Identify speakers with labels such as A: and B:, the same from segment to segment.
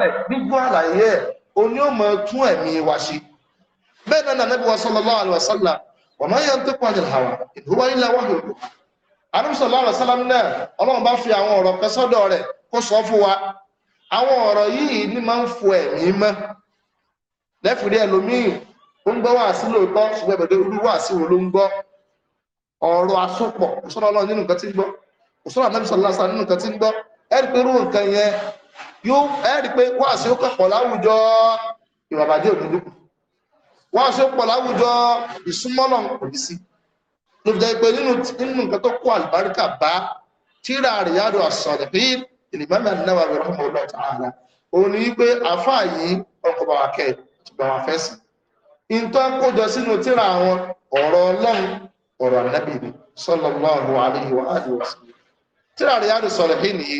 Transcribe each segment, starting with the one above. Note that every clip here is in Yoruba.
A: rẹ̀ gbígbọ́ àlàyé ẹ̀ oní ọmọ tún ẹ̀mí wa ṣe bẹ́ẹ̀ alaihi wasallam wa ma hawa in huwa illa wahyun yuha sallallahu alaihi wasallam fi awọn ọ̀rọ̀ kan sọ́dọ̀ rẹ kó sọ fún wa àwọn ọ̀rọ̀ yìí ni ma ń fọ ẹlòmíì ń sí sí wo ló ń nínú nǹkan ń sallallahu alaihi wasallam nínú nǹkan ń pé irú nǹkan yẹn yóò ẹ́rì pé wá sí ó kẹ́kọ̀ọ́ láwùjọ ìwàbàdé òdúdú wá sí ó pọ̀ láwùjọ ìsúnmọ́nà òbí sí ló fi jẹ́ pé nínú nǹkan tó kó àlùbáríkà bá tíra àríyádò àsọ̀rọ̀ bí ìlìmọ́mẹ́ náwà rẹ̀ fún ọlọ́ tààrà òun ni wípé àfáà yìí ọkọ̀ bàwà kẹ́ ṣùgbọ́n wà fẹ́ sí in tó ń kójọ sínú tíra àwọn ọ̀rọ̀ ọlọ́run ọ̀rọ̀ ànábì sallallahu alaihi wa alihi wa sallam tíra àríyádò sọ̀rọ̀ bí nìyí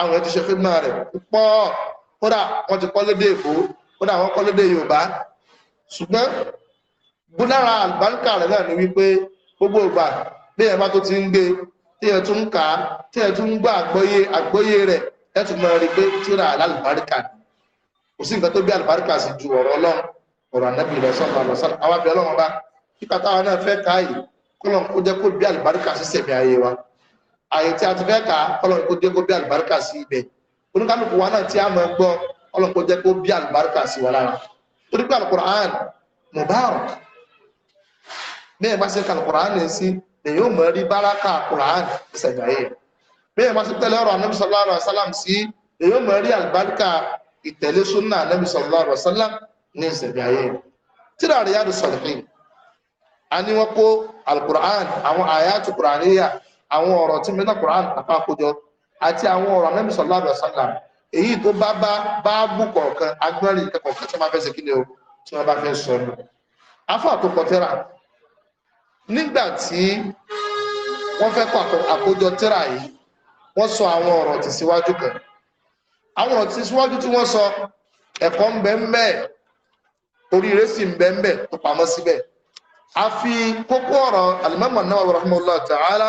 A: àwọn ti ṣe fíìmù náà rẹ̀ púpọ̀ kódà wọ́n ti kọ́ lédè èkó kódà wọ́n kọ́ lédè yorùbá ṣùgbọ́n gbónára àlùbáríkà rẹ̀ náà ni wípé gbogbo ìgbà léèyàn bá tó ti ń gbé téèyàn tún ń kà á téèyàn tún ń gbọ́ àgbọ́yé àgbọ́yé rẹ̀ lẹ́tù mọ́ rí pé tíra àlùbáríkà ni kò sí nǹkan tó bí àlùbáríkà sì ju náà fẹ́ káyì kọ́lọ́n kó jẹ́ kó bí àlùbáríkà sí sẹ̀mí ayé wa àyè tí a ti fẹ́ kà ọlọ́run kó dé kó bí àlùbáríkà sí ibẹ̀ oníkálùkù wa náà tí a mọ̀ gbọ́ ọlọ́run kó jẹ́ kó bí àlùbáríkà sí wa lára torí pé alukur'an mubarak bẹ́ẹ̀ bá ṣe ka alukur'an yẹn sí èyí ò mọ̀ rí báraka alukur'an ìṣẹ̀dáyé bẹ́ẹ̀ bá ṣe tẹ́lẹ̀ ọ̀rọ̀ anabi sallallahu alayhi wa sallam sí èyí ò mọ̀ rí àlùbáríkà ìtẹ̀lé sunna anabi sallallahu alayhi wa sallam ní ìṣẹ̀dáyé tíra Riyadus Salihin a ní wọn àwọn ọ̀rọ̀ tí mẹ́ta Quran àpapọ̀jọ àti àwọn ọ̀rọ̀ anẹ́bí sọ̀lá àbẹ̀ sọ̀lá èyí tó bá bá báàbù kọ̀ọ̀kan agbẹ́rin kọ̀ọ̀kan tí wọ́n fẹ́ ṣe kí ni o tí wọ́n bá fẹ́ sọ nù afọ́ àtòkọ̀ tẹ́ra nígbà tí wọ́n fẹ́ kọ́ àkójọ tẹ́ra yìí wọ́n sọ àwọn ọ̀rọ̀ tí síwájú kan àwọn ọ̀rọ̀ tí síwájú tí wọ́n sọ ẹ̀kọ́ ń bẹ ń bẹ oríire sì ń bẹ ń bẹ tó pamọ́ síbẹ̀ a fi kókó ọ̀rọ̀ alimami náà rahmanulah ta'ala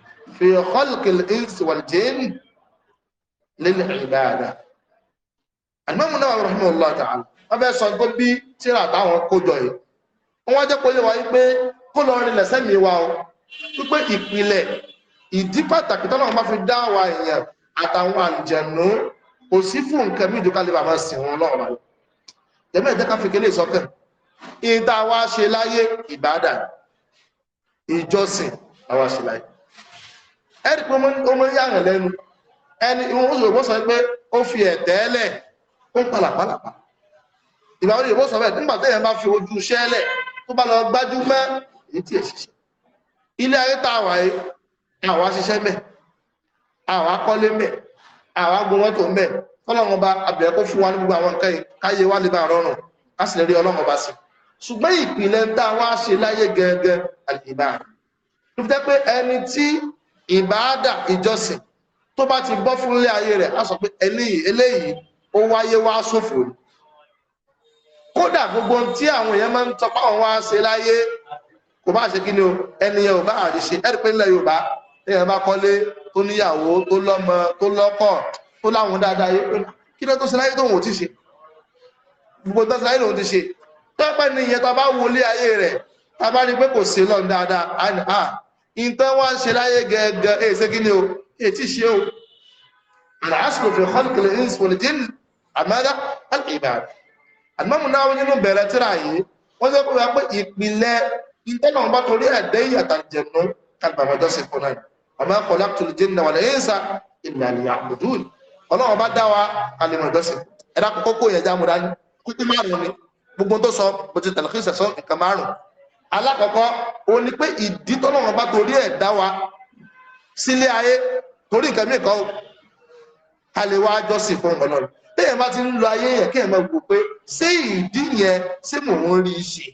A: fi khalqil insi wal jinni lil ibadah Al-Imam Nawawi rahimahullah ta'ala wọ́n fẹ́ sọ pé bí tíra táwọn kójọ yìí wọ́n jẹ́ pé wáyé pé kó lọ rìnlẹ̀ sẹ́mi wa o wípé ìpìlẹ̀ ìdí pàtàkì tọ́lọ́run bá fi dá wa èèyàn àtàwọn àjẹ̀nú kò sí fún nǹkan mí ìjọ kálíbà máa wọn lọ́rọ̀ rẹ̀ tẹ́mẹ́ fi kélé ìsọ́kàn ìta ṣe láyé ìbádà ìjọsìn àwa ṣe ẹ̀rí pé ó mọ́ yàrán lẹ́nu ẹni ìwọ̀n sọ pé ó fi ẹ̀tẹ́ẹ̀lẹ̀ ó ń palàpalàpà ìgbà orí ìwọ̀n sọ bẹ́ẹ̀ nígbà tó yẹn bá fi ojú ṣẹ́lẹ̀ tó bá lọ gbájú mọ́ èyí tí èṣìṣẹ́ ilé ayé tá àwà yìí àwa ṣiṣẹ́ mẹ́ àwa kọ́lé mẹ́ àwa gbọmọ́tò mẹ́ kọ́lọ́run ọba abẹ̀rẹ̀ kó fún wa ní gbogbo ṣùgbọ́n ìpìlẹ̀ ń tá wá ṣe láyé gẹ́gẹ́ àlè ìbára fi jẹ́ pé ẹni tí ìbáádà ìjọsìn tó bá ti bọ́ fún ilé ayé rẹ̀ á sọ pé eléyìí eléyìí ó wáyé wá ṣòfò ni kódà gbogbo tí àwọn èèyàn máa ń tọpá àwọn wá ṣe láyé kò bá ṣe kí ni o ẹniyàn ò bá àríṣe ẹ̀rí pé ilẹ̀ Yorùbá èèyàn bá kọ́lé tó níyàwó tó lọ́mọ tó lọ́kọ̀ tó láwọn dáadáa yé kí ló tó ṣe láyé tóun ò ti ṣe gbogbo tó ṣe láyé lòun ti ṣe tọ́pẹ́ ni ìyẹn tó bá wọlé ayé rẹ̀ tá a bá rí pé kò sí lọ́n dáadáa ìtàn wá ń ṣe láyé gẹ́gẹ́ ẹ̀ ṣe kí ni o ètí ṣe o àlàásìkò fi khalqil insi wal jinn àmàdá al-ibad àdìmọ́mù náà wọ́n nínú bẹ̀rẹ̀ tíra yìí wọ́n sọ pé wọ́n pé ìpìlẹ̀ ìtẹ́nà ọba torí ẹ̀dẹ́ ìyàtàjẹ̀nú kàlùbàbàjọ́ sí fún náà àmọ́ khalaqtul jinna wal insa illa liya'budun tó sọ bó alákọ̀ọ́kọ́ o ní pé ìdí tọ́lọ́run bá torí ẹ̀ dá wa sílé ayé torí nǹkan mí kan a lè wá jọ́sìn fún Ọlọ́run téèyàn bá ti ń lo ayé yẹn kéèyàn máa wò pé ṣé ìdí yẹn ṣé mò ń rí i ṣe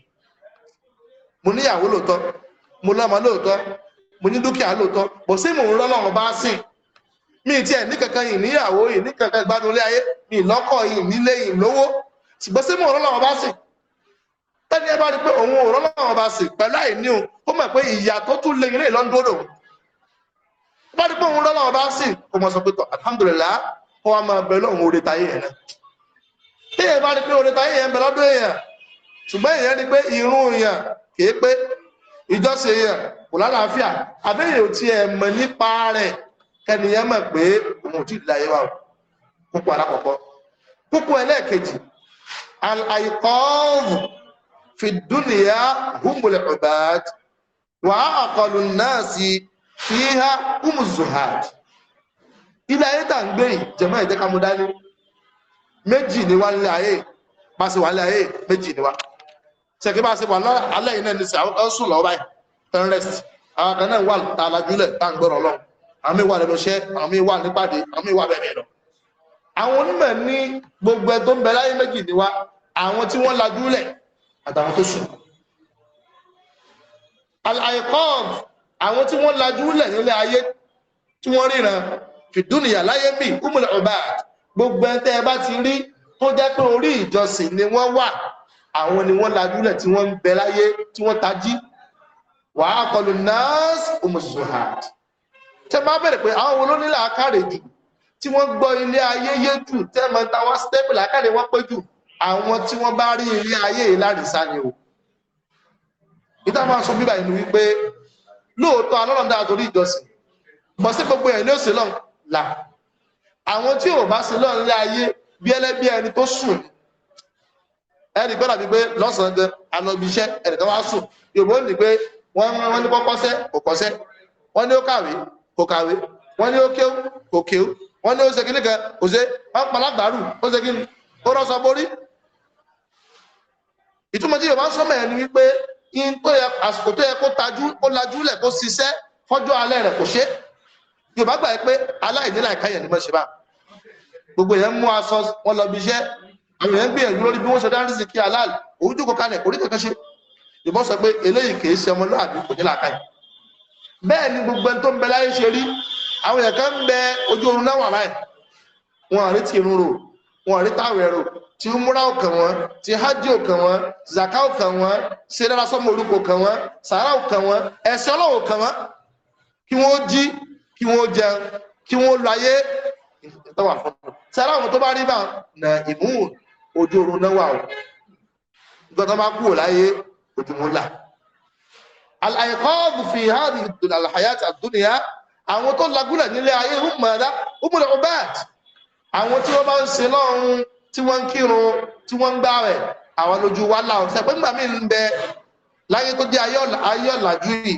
A: mo níyàwó lóòótọ́ mo lọ́mọ lóòótọ́ mo ní dúkìá lóòótọ́ bọ̀ ṣé mò ń rọ́lọ́run bá sìn mi ti ẹ̀ ní kankan yìí níyàwó yìí ní kankan gbádùn ilé ayé mi lọ́kọ̀ yìí nílé yìí lówó ṣùgbọ́n ṣé mò ń rọ́lọ́run bá sìn tẹ́ni ẹ bá rí pé òun ò rọ́lọ́wọ́n bá sì pẹ̀lú àìní òun ó mọ̀ pé ìyà tó tún lè ilé lọ́ńdọ́dọ̀ bá rí pé òun rọ́lọ́wọ́n bá sì kò mọ̀ sọ pé alhamdulillah ó wá máa bẹ̀rẹ̀ òun oore tayé yẹn náà tí bá rí pé oore tayé yẹn bẹ̀ èèyàn ṣùgbọ́n èèyàn rí pé irun èèyàn kìí pé ìjọsìn èèyàn kò lálàáfíà àbẹ́yẹ̀ ò tiẹ̀ mọ̀ nípa rẹ̀ kẹ́niyàn mọ̀ pé òun ò tí ì láyé alákọ̀ọ́kọ́ kókó ẹlẹ́ẹ̀kejì àìkọ́ọ̀rù fi dúnìyà humul ubad wà aqallu nasi fiha humuz zuhad ilé ayé tà ń gbé yìí jẹ̀mọ́ ìjẹ́ka mo dání méjì ni wá nílé ayé bá ṣe wà nílé ayé méjì ni wá ṣèké bá ṣe wà alẹ́ yìí náà ní sẹ́ ọ́ sùn lọ́wọ́ báyìí ten rest àwọn kan náà wà tá a lajú lẹ̀ tá à ń gbọ́rọ̀ lọ́wọ́ àwọn wà lẹ́nu iṣẹ́ àwọn wà nípàdé àwọn wà bẹ́ẹ̀ lọ. àwọn onímọ̀ ní gbogbo ẹ̀ tó ń bẹ láyé méjì ni wá àwọn tí wọ́n lajú àtàwọn tó sùn àìkọ́ọ̀bù àwọn tí wọ́n lajú lẹ̀ nílé ayé tí wọ́n ríran fìdúnìyà láyé bí kúmùlẹ̀ ọba gbogbo ẹntẹ́ ẹ bá ti rí tó jẹ́ pé orí ìjọsìn ni wọ́n wà àwọn ni wọ́n lajú lẹ̀ tí wọ́n ń bẹ láyé tí wọ́n tají wàá kọlu nurse omosohad tẹ máa bẹ̀rẹ̀ àwọn tí wọ́n bá rí ilé ayé ìlàrìsá ni o ìta máa sọ bíbà ìlú wípé lóòótọ́ alọ́run dáa torí ìjọsìn bọ́ sí gbogbo ẹ̀ ní òsè lọ́n là àwọn tí ò bá sí lọ́n lé ayé bí ẹlẹ́bí ẹni tó sùn ẹni gbọ́dà bíi pé lọ́sàn-án gan alọ́bíṣẹ́ ẹni tó wá sùn Yorùbá ó ní pé wọ́n ní kọ́kọ́sẹ́ kò kọ́sẹ́ wọ́n ní ó kàwé kò kàwé wọ́n ní ó kéwú kò kéwú wọ́n ní ó ṣe kíní kan kò ṣe wọ́n palágbàárù ó ṣe kíní ó rọ́ṣọ borí ìtumọ̀ tí yorùbá ń sọmọ ẹ̀ ni wípé in tó yẹ àsìkò tó yẹ kó tajú kó lajú lẹ̀ kó ṣiṣẹ́ fọ́jọ́ alẹ́ rẹ̀ kò ṣe yorùbá gbà pé aláìní láìka yẹn ni mo ṣe bá gbogbo yẹn mú aṣọ wọn lọ bí iṣẹ́ àwọn yẹn gbìyànjú lórí bí wọ́n ṣe dárí sí kí aláàlú òun jókòó kalẹ̀ orí kankan ṣe yorùbá sọ pé eléyìí kì í ṣe ọmọlúwàbí kò ní láàka yẹn bẹ́ẹ̀ ni gbogbo ẹni tó ń bẹ láyé ṣe rí àwọn yẹn kan ń bẹ ojú oorun náà wà láì wọn àrètí irun rò wọn rí táwọn ẹrù tí múra ọkàn wọn tí hajj ọkàn wọn zaka ọkàn wọn sẹdára sọmọ orúkọ ọkàn wọn sàárà ọkàn wọn ẹsẹ Ọlọ́run ọkàn wọn kí wọn jí kí wọn jẹun kí wọn lọ ayé tọwà fún un sàárà àwọn tó bá rí bá na ìmúhùn ojú oorun náà wà o gbọdọ máa kúrò láyé ojúmọ́ là fi hadhihi al-hayat ad àwọn tó lagúnlẹ̀ nílé ayé ó mọ̀ ẹ́dá ó mọ̀ ẹ́dá àwọn tí wọ́n bá ń ṣe lọ́run tí wọ́n ń kírun tí wọ́n ń gbá rẹ̀ àwọn lójú wa láwọn sẹ́pẹ́ nígbà míì ń bẹ láyé tó jẹ́ ayé ọ̀làjú yìí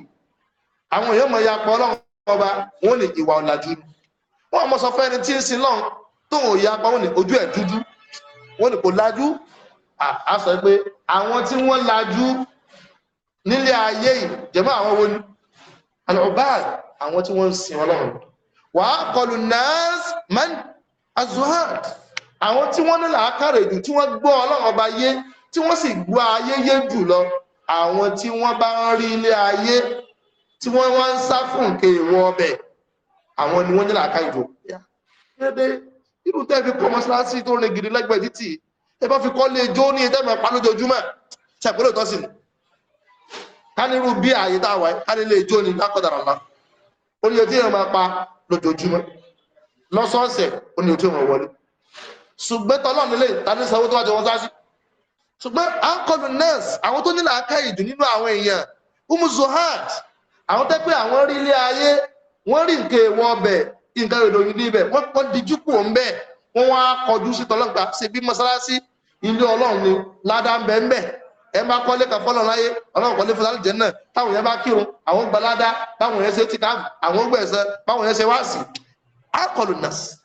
A: àwọn èèyàn mọ̀ ya pọ̀ ọlọ́run ọba wọn ò lè ìwà ọ̀làjú ni wọn mọ̀ sọ fún ẹni tí ń sin lọ́run tóun ò ya pọ̀ wọn ní ojú ẹ̀ dúdú wọn ní kò lajú a sọ pé àwọn tí wọ́n lajú nílé ayé yìí jẹ̀mọ́ àwọn wo ni àlọ́ọ̀bá àwọn tí wọ́n ń sin ọlọ́run wàá kọlù náà máa ń azuhad àwọn tí wọ́n ní làákàrẹ̀ jù tí wọ́n gbọ́ ọlọ́run ọba yé tí wọ́n sì gbọ́ ayé yé jù lọ àwọn tí wọ́n bá ń rí ilé ayé tí wọ́n wá ń sá fún nǹkan èèwọ̀ ọbẹ̀ àwọn ni wọ́n ní làákàrẹ̀ jù dédé irú tẹ́ fi kọ́ mọ́ṣáláṣí tó rìn gidi lẹ́gbẹ̀ẹ́ títì ẹ bá fi kọ́ lé ijó ní ìtẹ́mọ̀ pa lójoojúmọ́ ṣàpẹ́lẹ̀ tọ́sí ni ká ní irú bí àyè táwa ká ní ilé ijó ní lákọ̀dàrà lá orí ojú èèyàn máa pa lójoojúmọ́ lọ́sọ̀ọ̀sẹ̀ ó ní ojú ìwọ̀n wọlé ṣùgbọ́n tọ́lọ́nù lè ta ní sanwó tó wájú wọn sáà sí ṣùgbọ́n à ń kọlu nurse àwọn tó nílò aká ìdù nínú àwọn èèyàn umu zohad àwọn tẹ́ pé àwọn rí ilé ayé wọ́n rí nǹkan èèwọ̀ ọbẹ̀ nǹkan wọ́n kọ́ di jùpù ọ̀nbẹ̀ wọ́n wá kọjú sí tọ́lọ́gbà ṣe bí mọ́sálásí ilé ọlọ́run ni ń bẹ ń akọlù nurse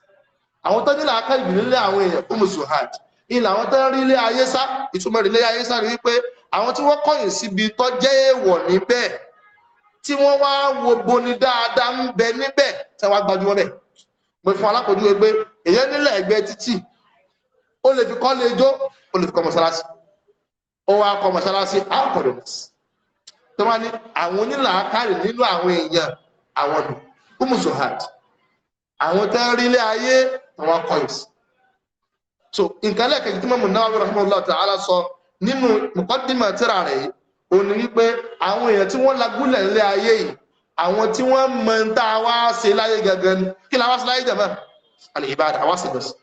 A: àwọn tó nílà aká ìgbìlélẹ̀ àwọn èèyàn umu zuhad ilẹ̀ àwọn tó rí ilé ayé sá ìtumọ̀ ilé ayé sá rí wípé àwọn tí wọ́n kọ̀yìn síbi tó jẹ́ èèwọ̀ níbẹ̀ tí wọ́n wá wo boni dáadáa ń bẹ níbẹ̀ tí wọ́n gbájú wọn bẹ̀ mo fún alákòójú pé èèyàn nílẹ̀ ẹgbẹ́ títì ó lè fi kọ́ lè jó ó lè fi kọ́ mọ́sálásí ó wá kọ́ mọ́sálásí akọlù nurse tó wá ní àwọn onílà aká nínú àwọn èèyàn àwọn dùn umu zuhad àwọn tẹ́ rí ilé ayé àwọn coins so nǹkan lẹ́ẹ̀kejì tí mọ́mù náà rahimahullah ta'ala sọ nínú muqaddimah tírà rẹ̀ yìí ó ní wípé àwọn èèyàn tí wọ́n lagúnlẹ̀ ilé ayé yìí àwọn tí wọ́n mọ̀ ń tá a wá ṣe láyé gangan kí la wá ṣe láyé jẹ̀mọ́ al-ibada àwa sì bẹ̀sẹ̀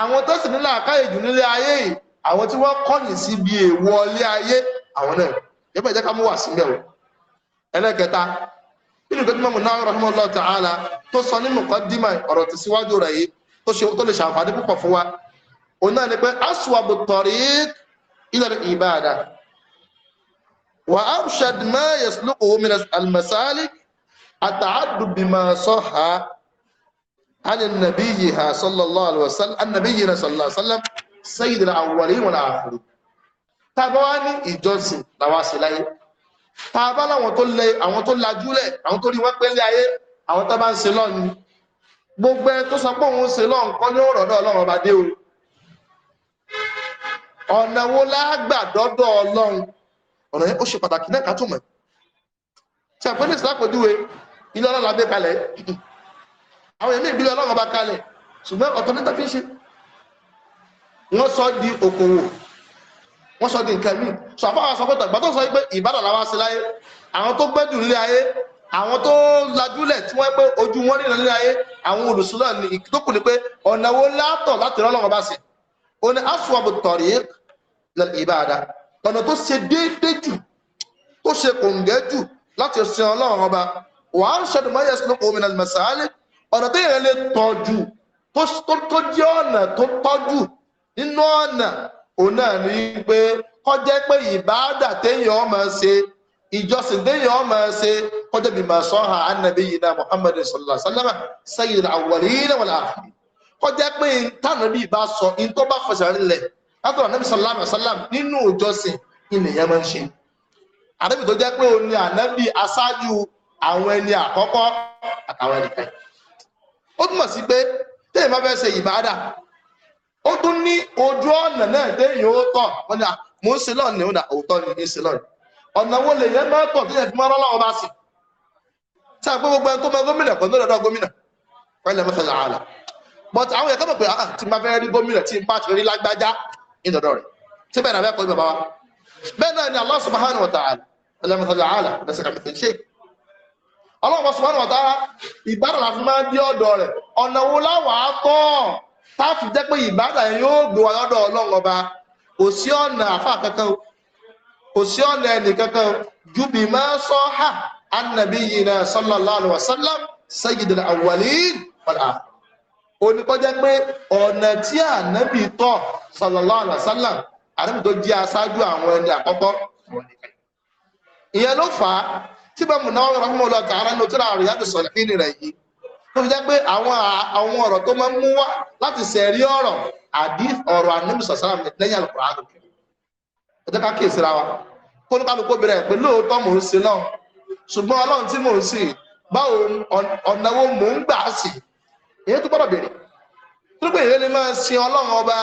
A: àwọn tó sì nílò àkáyè jù nílé ayé yìí àwọn tí wọ́n kọ́yìn sí bí èèwọ̀ ilé ayé àwọn náà yẹ́pẹ̀ jẹ́ ká mú wà sí mẹ́wọ̀ ẹlẹ́kẹta inú ìgbẹ́ tí mọ̀mọ́ náà rahimahullah ta'ala tó sọ ní muqaddima ọ̀rọ̀ tí síwájú rẹ̀ yìí tó ṣe tó lè ṣàǹfààní púpọ̀ fún wa òun náà ni pé aswabu tariq ila al-ibada wa abshad ma yasluquhu min al-masalik at-ta'addud bima sahha عن النبي صلى الله عليه وسلم النبي صلى الله عليه وسلم سيد الأولين والآخرين tá a bá tá a bá láwọn tó lẹ àwọn tó lajúlẹ̀ àwọn tó rí wọ́n pẹ́lẹ́ ayé àwọn tó bá ń ṣe lọ́ọ̀ ni gbogbo ẹ tó sọ pé òun ṣe lọ́ọ̀ nǹkan ní ọ̀rọ̀ náà ọlọ́run ọba dé o ọ̀nà wo lágbà dọ́dọ̀ ọlọ́run ọ̀nà yẹn ó ṣe pàtàkì náà ká tó mọ̀ tí àpẹẹrẹ ìsìlápẹ̀júwe ilé ọlọ́run abẹ́ kalẹ̀ àwọn èmi ìbílẹ̀ ọlọ́run ọba kalẹ̀ wọ́n sọ di nǹkan míì sọ àfáà sọ pé tàgbà tó sọ pé ìbàdàn làwọn ṣe láyé àwọn tó gbẹ́dùn nílé ayé àwọn tó lajúlẹ̀ tí wọ́n pé ojú wọn nínú nílé ayé àwọn olùsúlọ̀ ní ìdókù ni pé ọ̀nà wo látọ̀ láti rán lọ́wọ́ bá sí o ní aswabu tariq lil ibada ọ̀nà tó ṣe déédé jù tó ṣe kòǹgẹ́ jù láti sin ọlọ́run ọba wà á ń ṣe dùmọ́ yẹsùn lóko min al-masalih ọ̀nà tó yẹn lè tọ́jú tó jẹ́ ọ̀nà tó tọ́jú nínú ọ̀nà òun náà ní pé kọjá pé ìbáàdà téèyàn ọmọ ṣe ìjọsìn téèyàn ọmọ ṣe kọjá bí mà sọ hàn ànàbí yìí náà muhammadu sallallahu alaihi wasallam sayyidul awwalin wal akhirin kọjá pé tànàbí bá sọ in tó bá fẹsẹ̀ rinlẹ̀ látọ̀ ànàbí sallallahu alaihi wasallam nínú ìjọsìn ìnìyàn máa ń ṣe ànàbí tó jẹ́ pé òun ni ànàbí aṣáájú àwọn ẹni àkọ́kọ́ àtàwọn ẹnìkan ó túmọ̀ sí pé téèyàn bá fẹ́ ṣe ìbáàdà ó tún ní ojú ọ̀nà náà déyìn ó tọ̀ wọ́n ní à ah, mò ń ṣe lọ́ọ̀nì ó nà ah, òótọ́ ni ń ṣe lọ́ọ̀nì ọ̀nà wo lè yẹn máa tọ̀ tó yẹ fi máa rọ́lọ́wọ́ bá sí tí a gbé gbogbo ẹni tó mọ gómìnà kan tó lọ́dọ̀ gómìnà pẹ̀lẹ́ mẹ́fẹ́ làálà but àwọn yẹn kọ́ pé ah tí ma fẹ́ rí gómìnà tí n bá ti rí lágbájá ìdọ̀dọ̀ rẹ̀ tí bẹ́ẹ̀ náà bẹ́ẹ̀ kọ́ ní wa bẹ́ẹ̀ náà ni táàfù jẹ́ pé ìbádà yẹn yóò gbé wa lọ́dọ̀ ọlọ́run ọba kò sí ọ̀nà àfà kankan kò sí ọ̀nà ẹnì kankan ju bí máa sọ ha annabi yìí náà sallallahu alaihi wasallam sayyidul awwalin wal akhir oníkọ́jẹ́ pé ọ̀nà tí ànábì tọ̀ sallallahu alaihi wasallam ànábì tó jẹ́ aṣáájú àwọn ẹni àkọ́kọ́ ìyẹn ló fà á tí bẹ́ẹ̀ mú náà rọ́mọ́ lọ tààrà ní òtún àrùn yàtọ̀ sọ̀rọ̀ kí ni rẹ̀ yìí tó fi jẹ́ pé àwọn àwọn ọ̀rọ̀ tó máa ń mú wá láti sẹ̀rí ọ̀rọ̀ àdí ọ̀rọ̀ àníbùsà sálámù lẹ́yìn àlùkò àdùn ẹ jẹ́ ká kí ìsira wa kó nípa bẹ̀rẹ̀ pé lóòótọ́ mò ń sin náà ṣùgbọ́n ọlọ́run tí mò ń sìn báwo ọ̀nà wo mò ń gbà á sí èyí tó gbọ́dọ̀ bèrè tó pé èyí lè máa sin ọlọ́run ọba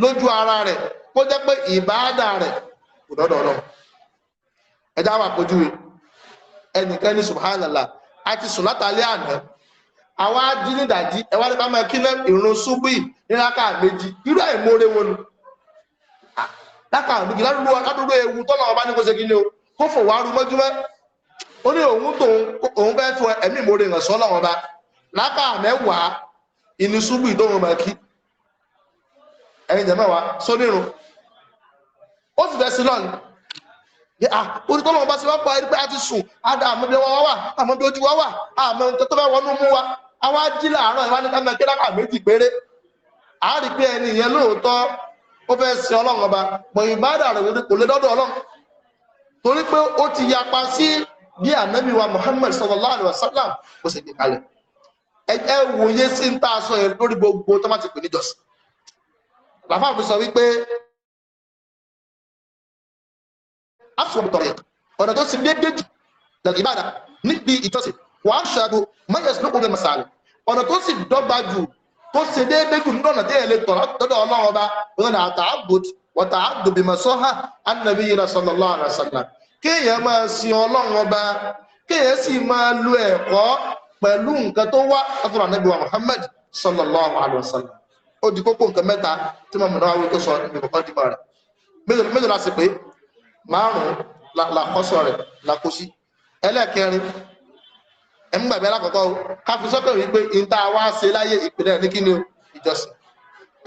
A: lójú ara rẹ̀ kó jẹ́ pé ìbáàdà rẹ̀ kò dọ́dọ̀ ọlọ́run ẹja wà pójú ẹnìkan ní subhanallah àti sùn látàlẹ́ àná àwọn ajínidàjí ẹwà nípa máa kí náà ìrun súbì níláka méjì irú àìmóore wọn nu láka àdúgbò ládùúgbò ládùúgbò ewu tọ́nà ọba ní kó ṣe kí ni o kó fò wá rú mọ́júmọ́ ó ní òun tóun òun fẹ́ fọ ẹ̀mí ìmóore hàn sọ́nà ọba láka mẹ́wàá ìní súbì tóun máa kí ẹ̀yin jẹ́ mẹ́wàá sónírun ó sì fẹ́ sí lọ́nà Ah, orí tọ́lọ́wọ́ bá sí wá pa ẹgbẹ́ àti sùn àdá àmọ́bí wa wà àmọ́bí ojú wa wà àmọ́ nǹkan tó bá wọnú mú wa àwọn ají láàárọ̀ ìwà níta náà kíláàkà méjì péré a rí pé ẹni ìyẹn lóòótọ́ ó fẹ́ sin ọlọ́run ọba bọ̀ ìbáàdà rẹ̀ kò lè dọ́dọ̀ ọlọ́run torí pé ó ti yapa sí bí ànábì wa Muhammad sallallahu alaihi wasallam ó sì gbé kalẹ̀ ẹ wòye sí ń tà sọ yẹn lórí gbogbo tó má ti pè níjọsìn làfáà sọ wípé aswab tariq ọ̀nà tó sì déédé jù lẹ́nu ìbáda níbi ìjọsìn wà á ṣàdù mayas ló kún masalẹ̀ ọ̀nà tó sì dọ́gba jù tó sì déédé jù nínú ọ̀nà déyẹlẹ tọ̀rọ̀ tọ́dọ̀ ọlọ́run ọba wọn àtà àbòt wọ́tà àdùbí masọ́hà yìí sallallahu alaihi wasallam kéèyàn máa sin ọlọ́run ọba kéèyàn sì máa lo ẹ̀kọ́ pẹ̀lú nǹkan tó wá látọ̀rọ̀ anabi wa muhammad sallallahu alaihi wasallam ó di kókó nǹkan mẹ́ta tí mo mọ̀ náà wọ́n tó sọ ìgbìmọ̀ kan dìbò márùn-ún làkọ́sọ̀ rẹ̀ làkọ́sí ẹlẹ́ẹ̀kẹrin ẹ̀mú gbàgbé alákọ̀ọ́kọ́ o ká fi sọ́kàn wípé ìta wá ṣe láyé ìpínlẹ̀ ní kíni ìjọsìn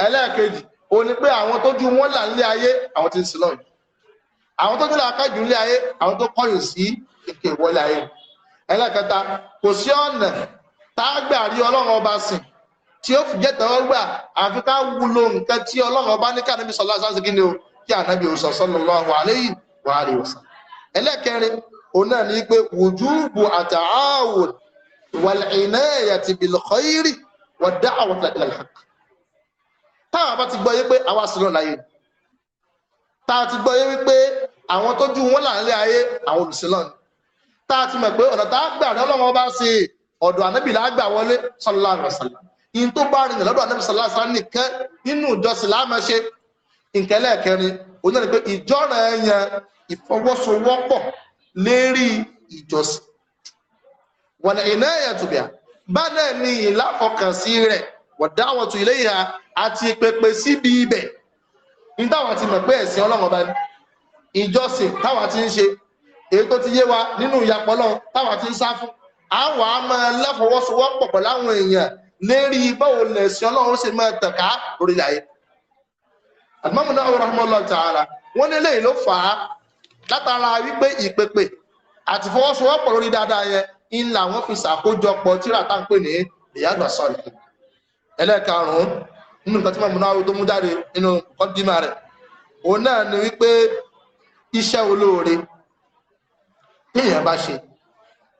A: ẹlẹ́ẹ̀kejì o ní pé àwọn tójú wọn là nílé ayé àwọn tí ń sin lọ́yìn àwọn tójú là kájú nílé ayé àwọn tó kọ̀yìn sí ìpè ìwọlé ayé ẹlẹ́ẹ̀kẹta kò sí ọ̀nà tá a gbà rí ọlọ́run ọba sìn tí ó fi jẹ́tọ̀ọ́ gbà àfi ká nǹkan tí ọlọ́run ọba ní kí ànábì sọ̀lá sáà sí kíni o kí ànábì òsọ̀ sọ́nà lọ́wọ́ àléyìn wa alihi wa sallam ẹlẹ́kẹrin òun náà ní pé wujubu at-ta'awun wal inayati bil khairi wad da'wati ila al-haqq táwọn bá ti gbọ́ yé pé àwa sí lọ́la yé táwọn ti gbọ́ yé wípé àwọn tójú wọn là ń lé ayé àwọn olùsílọ́ ni táwọn ti mọ̀ pé ọ̀nà tá a gbà rẹ ọlọ́wọ́n bá ṣe ọ̀dọ̀ ànábì là wọlé sallallahu alaihi wasallam tó bá rìn lọ́dọ̀ ànábì sallallahu alaihi nìkan nínú ìjọsìn láàmọ́ ṣe nǹkan lẹ́ẹ̀kẹrin onídàá ni pé ìjọ́ra ẹ̀yàn ìfọwọ́sowọ́pọ̀ lérí ìjọsìn wọ̀nà iná ẹ̀yàtùbíà bá náà ní ìláfọkànsí rẹ̀ wọ̀dáwọ̀tù ilé ìhà àti pẹpẹ síbi ibẹ̀ ní táwọn ti mọ̀ pé ẹ̀sìn ọlọ́run ọba ìjọsìn táwọn ti ń ṣe èyí tó ti yé wa nínú ìyapọ̀lọ́ táwọn ti ń sá fún àwọn a máa láfọwọ́sowọ́pọ̀ pẹ̀lú àwọn èèyàn lérí báwo lẹ̀sìn ọlọ́run ṣe máa tàn ká lórí ayé àdìmọ́mù náà rahmatullahi ta'ala wọ́n ní eléyìí ló fà á látara wípé ìpèpè àti fọwọ́sowọ́pọ̀ lórí dáadáa yẹn in làwọn fi ṣàkójọpọ̀ tíra tá ń pè ní ìyáàgbà sọ̀rọ̀ ẹlẹ́ẹ̀karùn-ún nínú nǹkan tí mọ̀ múnáwó tó mú jáde nínú kọ́dímà rẹ̀ òun náà ni wípé iṣẹ́ olóore téèyàn bá ṣe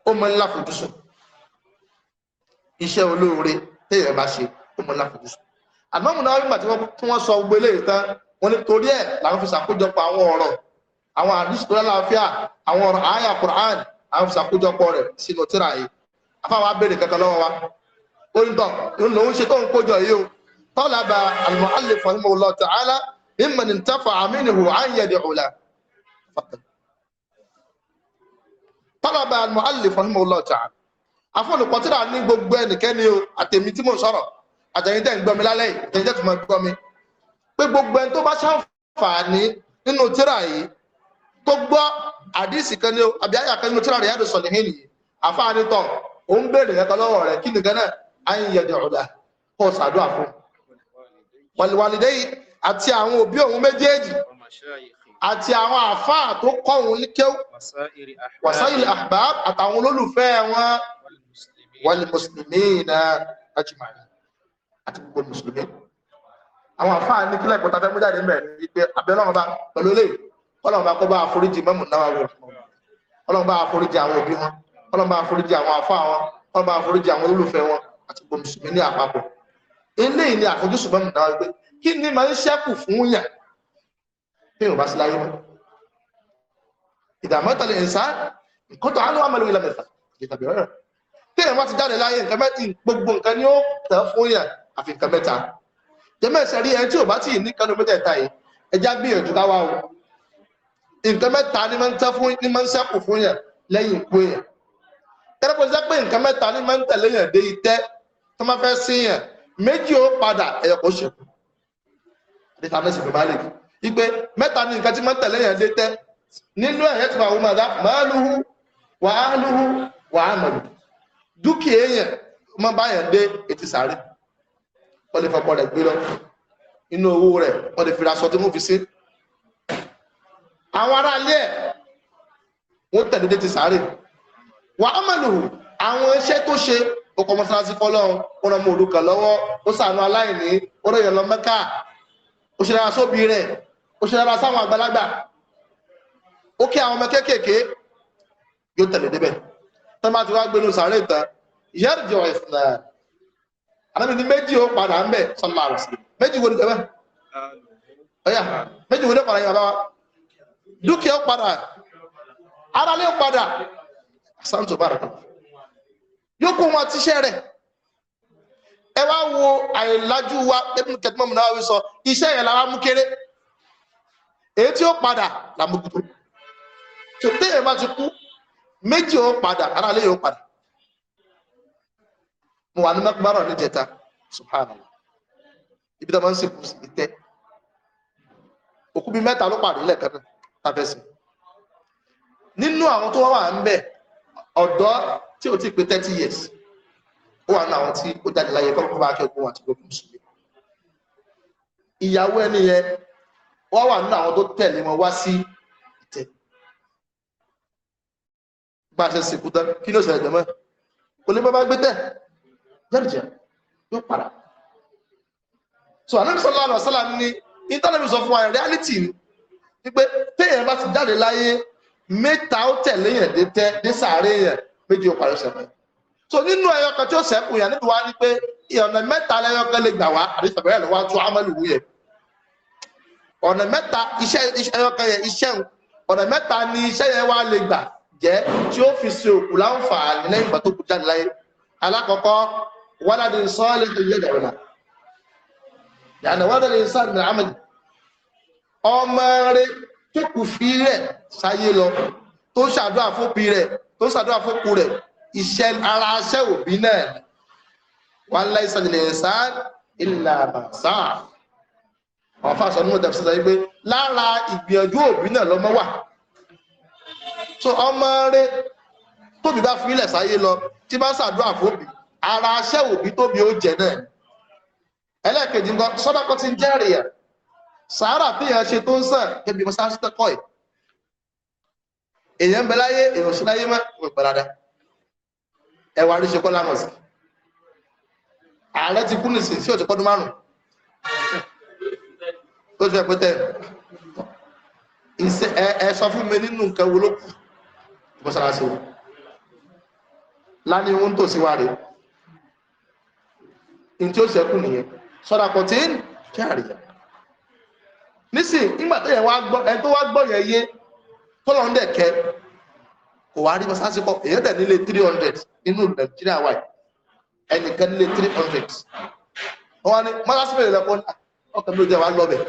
A: ó mọ ńlá fojúsùn iṣẹ́ olóore téèyàn bá ṣe ó mọ ńlá fojúsùn àmọ́ múnáwó nígbà tí wọ́n sọ gbogbo eléyìí tán wọ́n ní torí ẹ̀ làwọn fi ṣàkójọpọ̀ àwọn ọ̀rọ̀ àwọn àdúsù tó lálàáfíà àwọn ọ̀rọ̀ àyà Quran àwọn ìṣàkójọpọ̀ rẹ̀ sínú tíra yìí afáwa béèrè kankan lọ́wọ́ wa ó ń tọ̀ ń lòún ṣe tó ń kójọ yìí o tọ́lábà al-mu'allif rahimahullah ta'ala mimman intafa'a minhu an yad'u lahu tọ́lábà al-mu'allif rahimahullah ta'ala afọ́nùkọ́ tíra ní gbogbo ẹnikẹ́ni o àtẹ̀mí tí mò ń sọ̀rọ̀ àtẹ̀yìn ń gbọ́mi lálẹ́ gbogbo àdìsí kan ní o àbí àyà kan ní tíra rẹ̀ yàtọ̀ sọ̀lẹ̀ hìn yìí àfáà ní tọ̀ ó ń béèrè ẹ̀kọ́ lọ́wọ́ rẹ̀ kí nìkan náà á ń yẹ̀dẹ̀ ọ̀dà kó sàdúrà fún wàlìwàlìdẹ́ yìí àti àwọn òbí òun méjèèjì àti àwọn àfáà tó ní kílẹ̀ ìpọ̀tàfẹ́ mú jáde mẹ́rin wípé abẹ́lọ́wọ́ bá pẹ̀lú eléyìí ọlọ́run bá kó bá àforíjì Imam Nawawi ọlọ́run bá àforíjì àwọn òbí wọn ọlọ́run bá àforíjì àwọn àfáà wọn ọlọ́run bá àforíjì àwọn olólùfẹ́ wọn àti gbogbo mùsùlùmí ní àpapọ̀ eléyìí ni àfojúsùn Imam Nawawi pé kí ni máa ń ṣẹ́kù fún yàn bí wọn bá sí láyé mọ́ ìdàmọ́tàlẹ̀ ìsá nǹkan tó àánú àmàlù ìlànà ìfà ìtàbí ọ̀rọ̀ tí èèyàn wọ́n ti jáde láyé nǹkan mẹ́tì gbogbo nǹkan ni ó tẹ̀ fún yàn gbìyànjú láwá o nǹkan mẹ́ta ni máa ń tẹ́ fún ni máa ń sẹ́kù fún yẹn lẹ́yìn ikú yẹn kẹ́rẹ́ kó sẹ́ pé nǹkan mẹ́ta ni máa ń tẹ̀lé yẹn dé itẹ́ tó máa fẹ́ sí yẹn méjì ó padà ẹ̀yọ̀ kó ṣe níta mẹ́sì ló bá lè kí ipe mẹ́ta ni nǹkan tí máa ń tẹ̀lé yẹn dé tẹ́ nínú ẹ̀yẹ́ tó máa wọ́n máa dá máa lùhù wà á lùhù wà á mọ̀lù dúkìá yẹn máa bá yẹn dé etí sáré wọ́n lè fọkọ àwọn ará ilé ẹ̀ wọ́n tẹ̀lé dé ti sáré wà á mẹ́lùú àwọn iṣẹ́ tó ṣe ọkọ̀ mọ́sálásí fọ́lọ́run ó ràn mọ́ olùkọ́ lọ́wọ́ ó ṣàánú aláìní ó rẹ̀ yàn lọ Mẹ́kà ó ṣe dára sóbi rẹ̀ ó ṣe dára sáwọn àgbàlagbà ó kí àwọn ọmọ kéékèèké yóò tẹ̀lé débẹ̀ tó bá ti wá gbénu sàárè tán yẹ́rìjọ ìfúnà àdáni ní méjì ó padà ń bẹ̀ sọ́nà àrùsí méjì wo ni kẹ́bẹ́ méjì wo ni padà yẹn dúkìá ó padà aráalé ó padà santo baraka yókù wọn ti ṣẹ́ rẹ̀ ẹ wo àìlájú wa ẹbùn kẹtùmọ́ mìíràn wí sọ iṣẹ́ yẹn làwọn mú kéré èyí tí ó padà làmúkútó tó téèyàn bá ti kú méjì ó padà aráalé yóò padà mo wà ní mẹ́kúbárọ̀ ní jẹta subhanallah ibi tí a máa ń sìnkú ìtẹ́ òkú bíi mẹ́ta ló pàdé lẹ́ẹ̀kan náà tàfẹ́sì nínú àwọn tó wà ń bẹ̀ ọ̀dọ́ tí ò tí pé 30 years ó wà náà àwọn tí ó jáde láyé kọ́kọ́ bá akẹ́kọ̀ọ́ wọn àti gbogbo mùsùlùmí ìyàwó ẹni yẹn wọ́n wà nínú àwọn tó tẹ̀lé wọn wá sí ìtẹ́ bá ṣe sìnkú tán kí ní òṣèlè jẹmọ́ kò lè bá gbé tẹ̀ jẹ́rìjẹ́ yóò padà so anábìsọ́lá àlọ́sọ́lá ní intanẹ́bì sọ fún wa reality wípé téèyàn bá ti jáde láyé mẹ́ta ó tẹ̀lé yẹn dé tẹ́ dé sàárè yẹn méjì ó parí sẹ́kù so nínú ẹyọ kan tí ó sẹ́kù yẹn níbi wá ní pé ọ̀nà mẹ́ta lẹ́yọ kan lè gbà wá àdìsàbẹ̀ yẹn lè wá tún amẹ́lì wú yẹn ọ̀nà mẹ́ta iṣẹ́ ẹyọ kan yẹn iṣẹ́ ọ̀nà mẹ́ta ni iṣẹ́ yẹn wá lè gbà jẹ́ tí ó fi ṣe òkú láǹfààní lẹ́yìn ìgbà tó kù jáde láyé alákọ̀ọ́kọ́ wọ́n dàdí sọ́ọ́lì tó yẹ dàrú náà yàrá wọ́n dàdí ọmọ rẹ̀ tó kù fi rẹ̀ sáyé lọ tó ṣàdúrà fóbi rẹ̀ tó ṣàdúrà fókù rẹ̀ iṣẹ́ ara aṣẹ́ òbí náà wọn láì sàlẹ̀ ẹ̀sán ìlà àbàṣà àwọn fásitì ọdún mọ̀tẹ́ fìsàtà wípé lára ìgbìyànjú òbí náà lọ́mọ wà so ọmọ rẹ̀ tóbi bá fi ilẹ̀ sáyé lọ tí bá ṣàdúrà fóbi ara aṣẹ́ òbí tóbi ó jẹ náà ẹlẹ́ẹ̀kejì nǹkan sọ́dọ́kọ́ ti ń jẹ́rìí ẹ̀ sàárà tí èèyàn ṣe tó ń sàn kẹbi mọ́sáàsì tẹ́kọ̀ ẹ̀ èèyàn bẹ láyé èèyàn sí láyé mọ́ ìwọ̀n ìgbàlada ẹwà rí ṣekọ́ lámọ̀sí ààrẹ ti kú nìsín sí òtí pọ́dún márùn tó ti fẹ́ pété ẹ sọ fún mi nínú nǹkan wo ló kù mọ́sáàsì o láni ohun tó sì wá rèé ní tí ó ṣẹ́kù nìyẹn sọ́dà kọ̀tí kí àríyá nísìn nígbà tó yẹ wá gbọ́ ẹni tó wá gbọ́ yẹn yé tọ́lọ́ ń dẹ̀ kẹ́ kò wá rí mọ́sáàsì kọ́ èyàn tẹ̀ nílé three hundred nínú nàìjíríà wáyé ẹnìkan nílé three hundred wọ́n ní mọ́sáàsì bẹ̀rẹ̀ lẹ́kọ́ ọkàn mi ò jẹ́ wá lọ́bẹ̀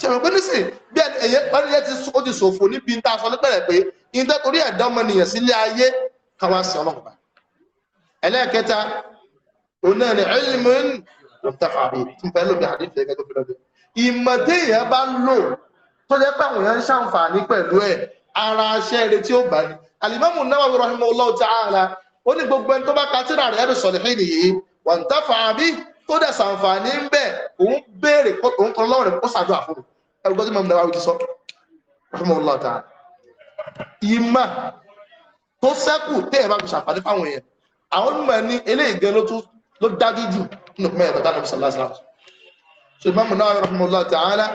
A: ṣẹ̀rọ̀ pé nísìn bí ẹ̀yẹ pẹ̀lú yẹn ó ti ṣòfò níbi tá a sọ nípẹ̀rẹ̀ pé ìdá torí ẹ̀dá ọmọnìyàn sílé ayé káwá sí ọlọ́pàá ẹlẹ́ẹ̀kẹta òun náà ni ẹ̀yìn mú ń lọ́tàfà bíi tí mo fẹ́ lóbi àdéhùn ẹ̀kẹ́ tó fi lọ́dún ìmọ̀ téèyàn bá ń lò tó jẹ́ pé àwọn èèyàn ń ṣàǹfààní pẹ̀lú ẹ̀ ara aṣẹ́ rẹ̀ tí ó bá ní alimami Nawawi rahimahullahu ta'ala ó ní gbogbo ẹni tó bá ka tírà rẹ̀ ẹ̀rù sọ̀rọ̀ hìn yìí wà ń tàfà bí tó dẹ̀ ṣàǹfààní ń bẹ̀ òun béèrè òun kan lọ́wọ́ rẹ̀ kó ṣàdúrà fún un ẹ̀rù gbọ́dọ̀ mọ̀mọ́ Nawawi ti sọ rahimahullahu ta'ala ìmọ̀ tó sẹ́kù téèyàn bá fi so Imamu Nawawi rahimahullah ta'ala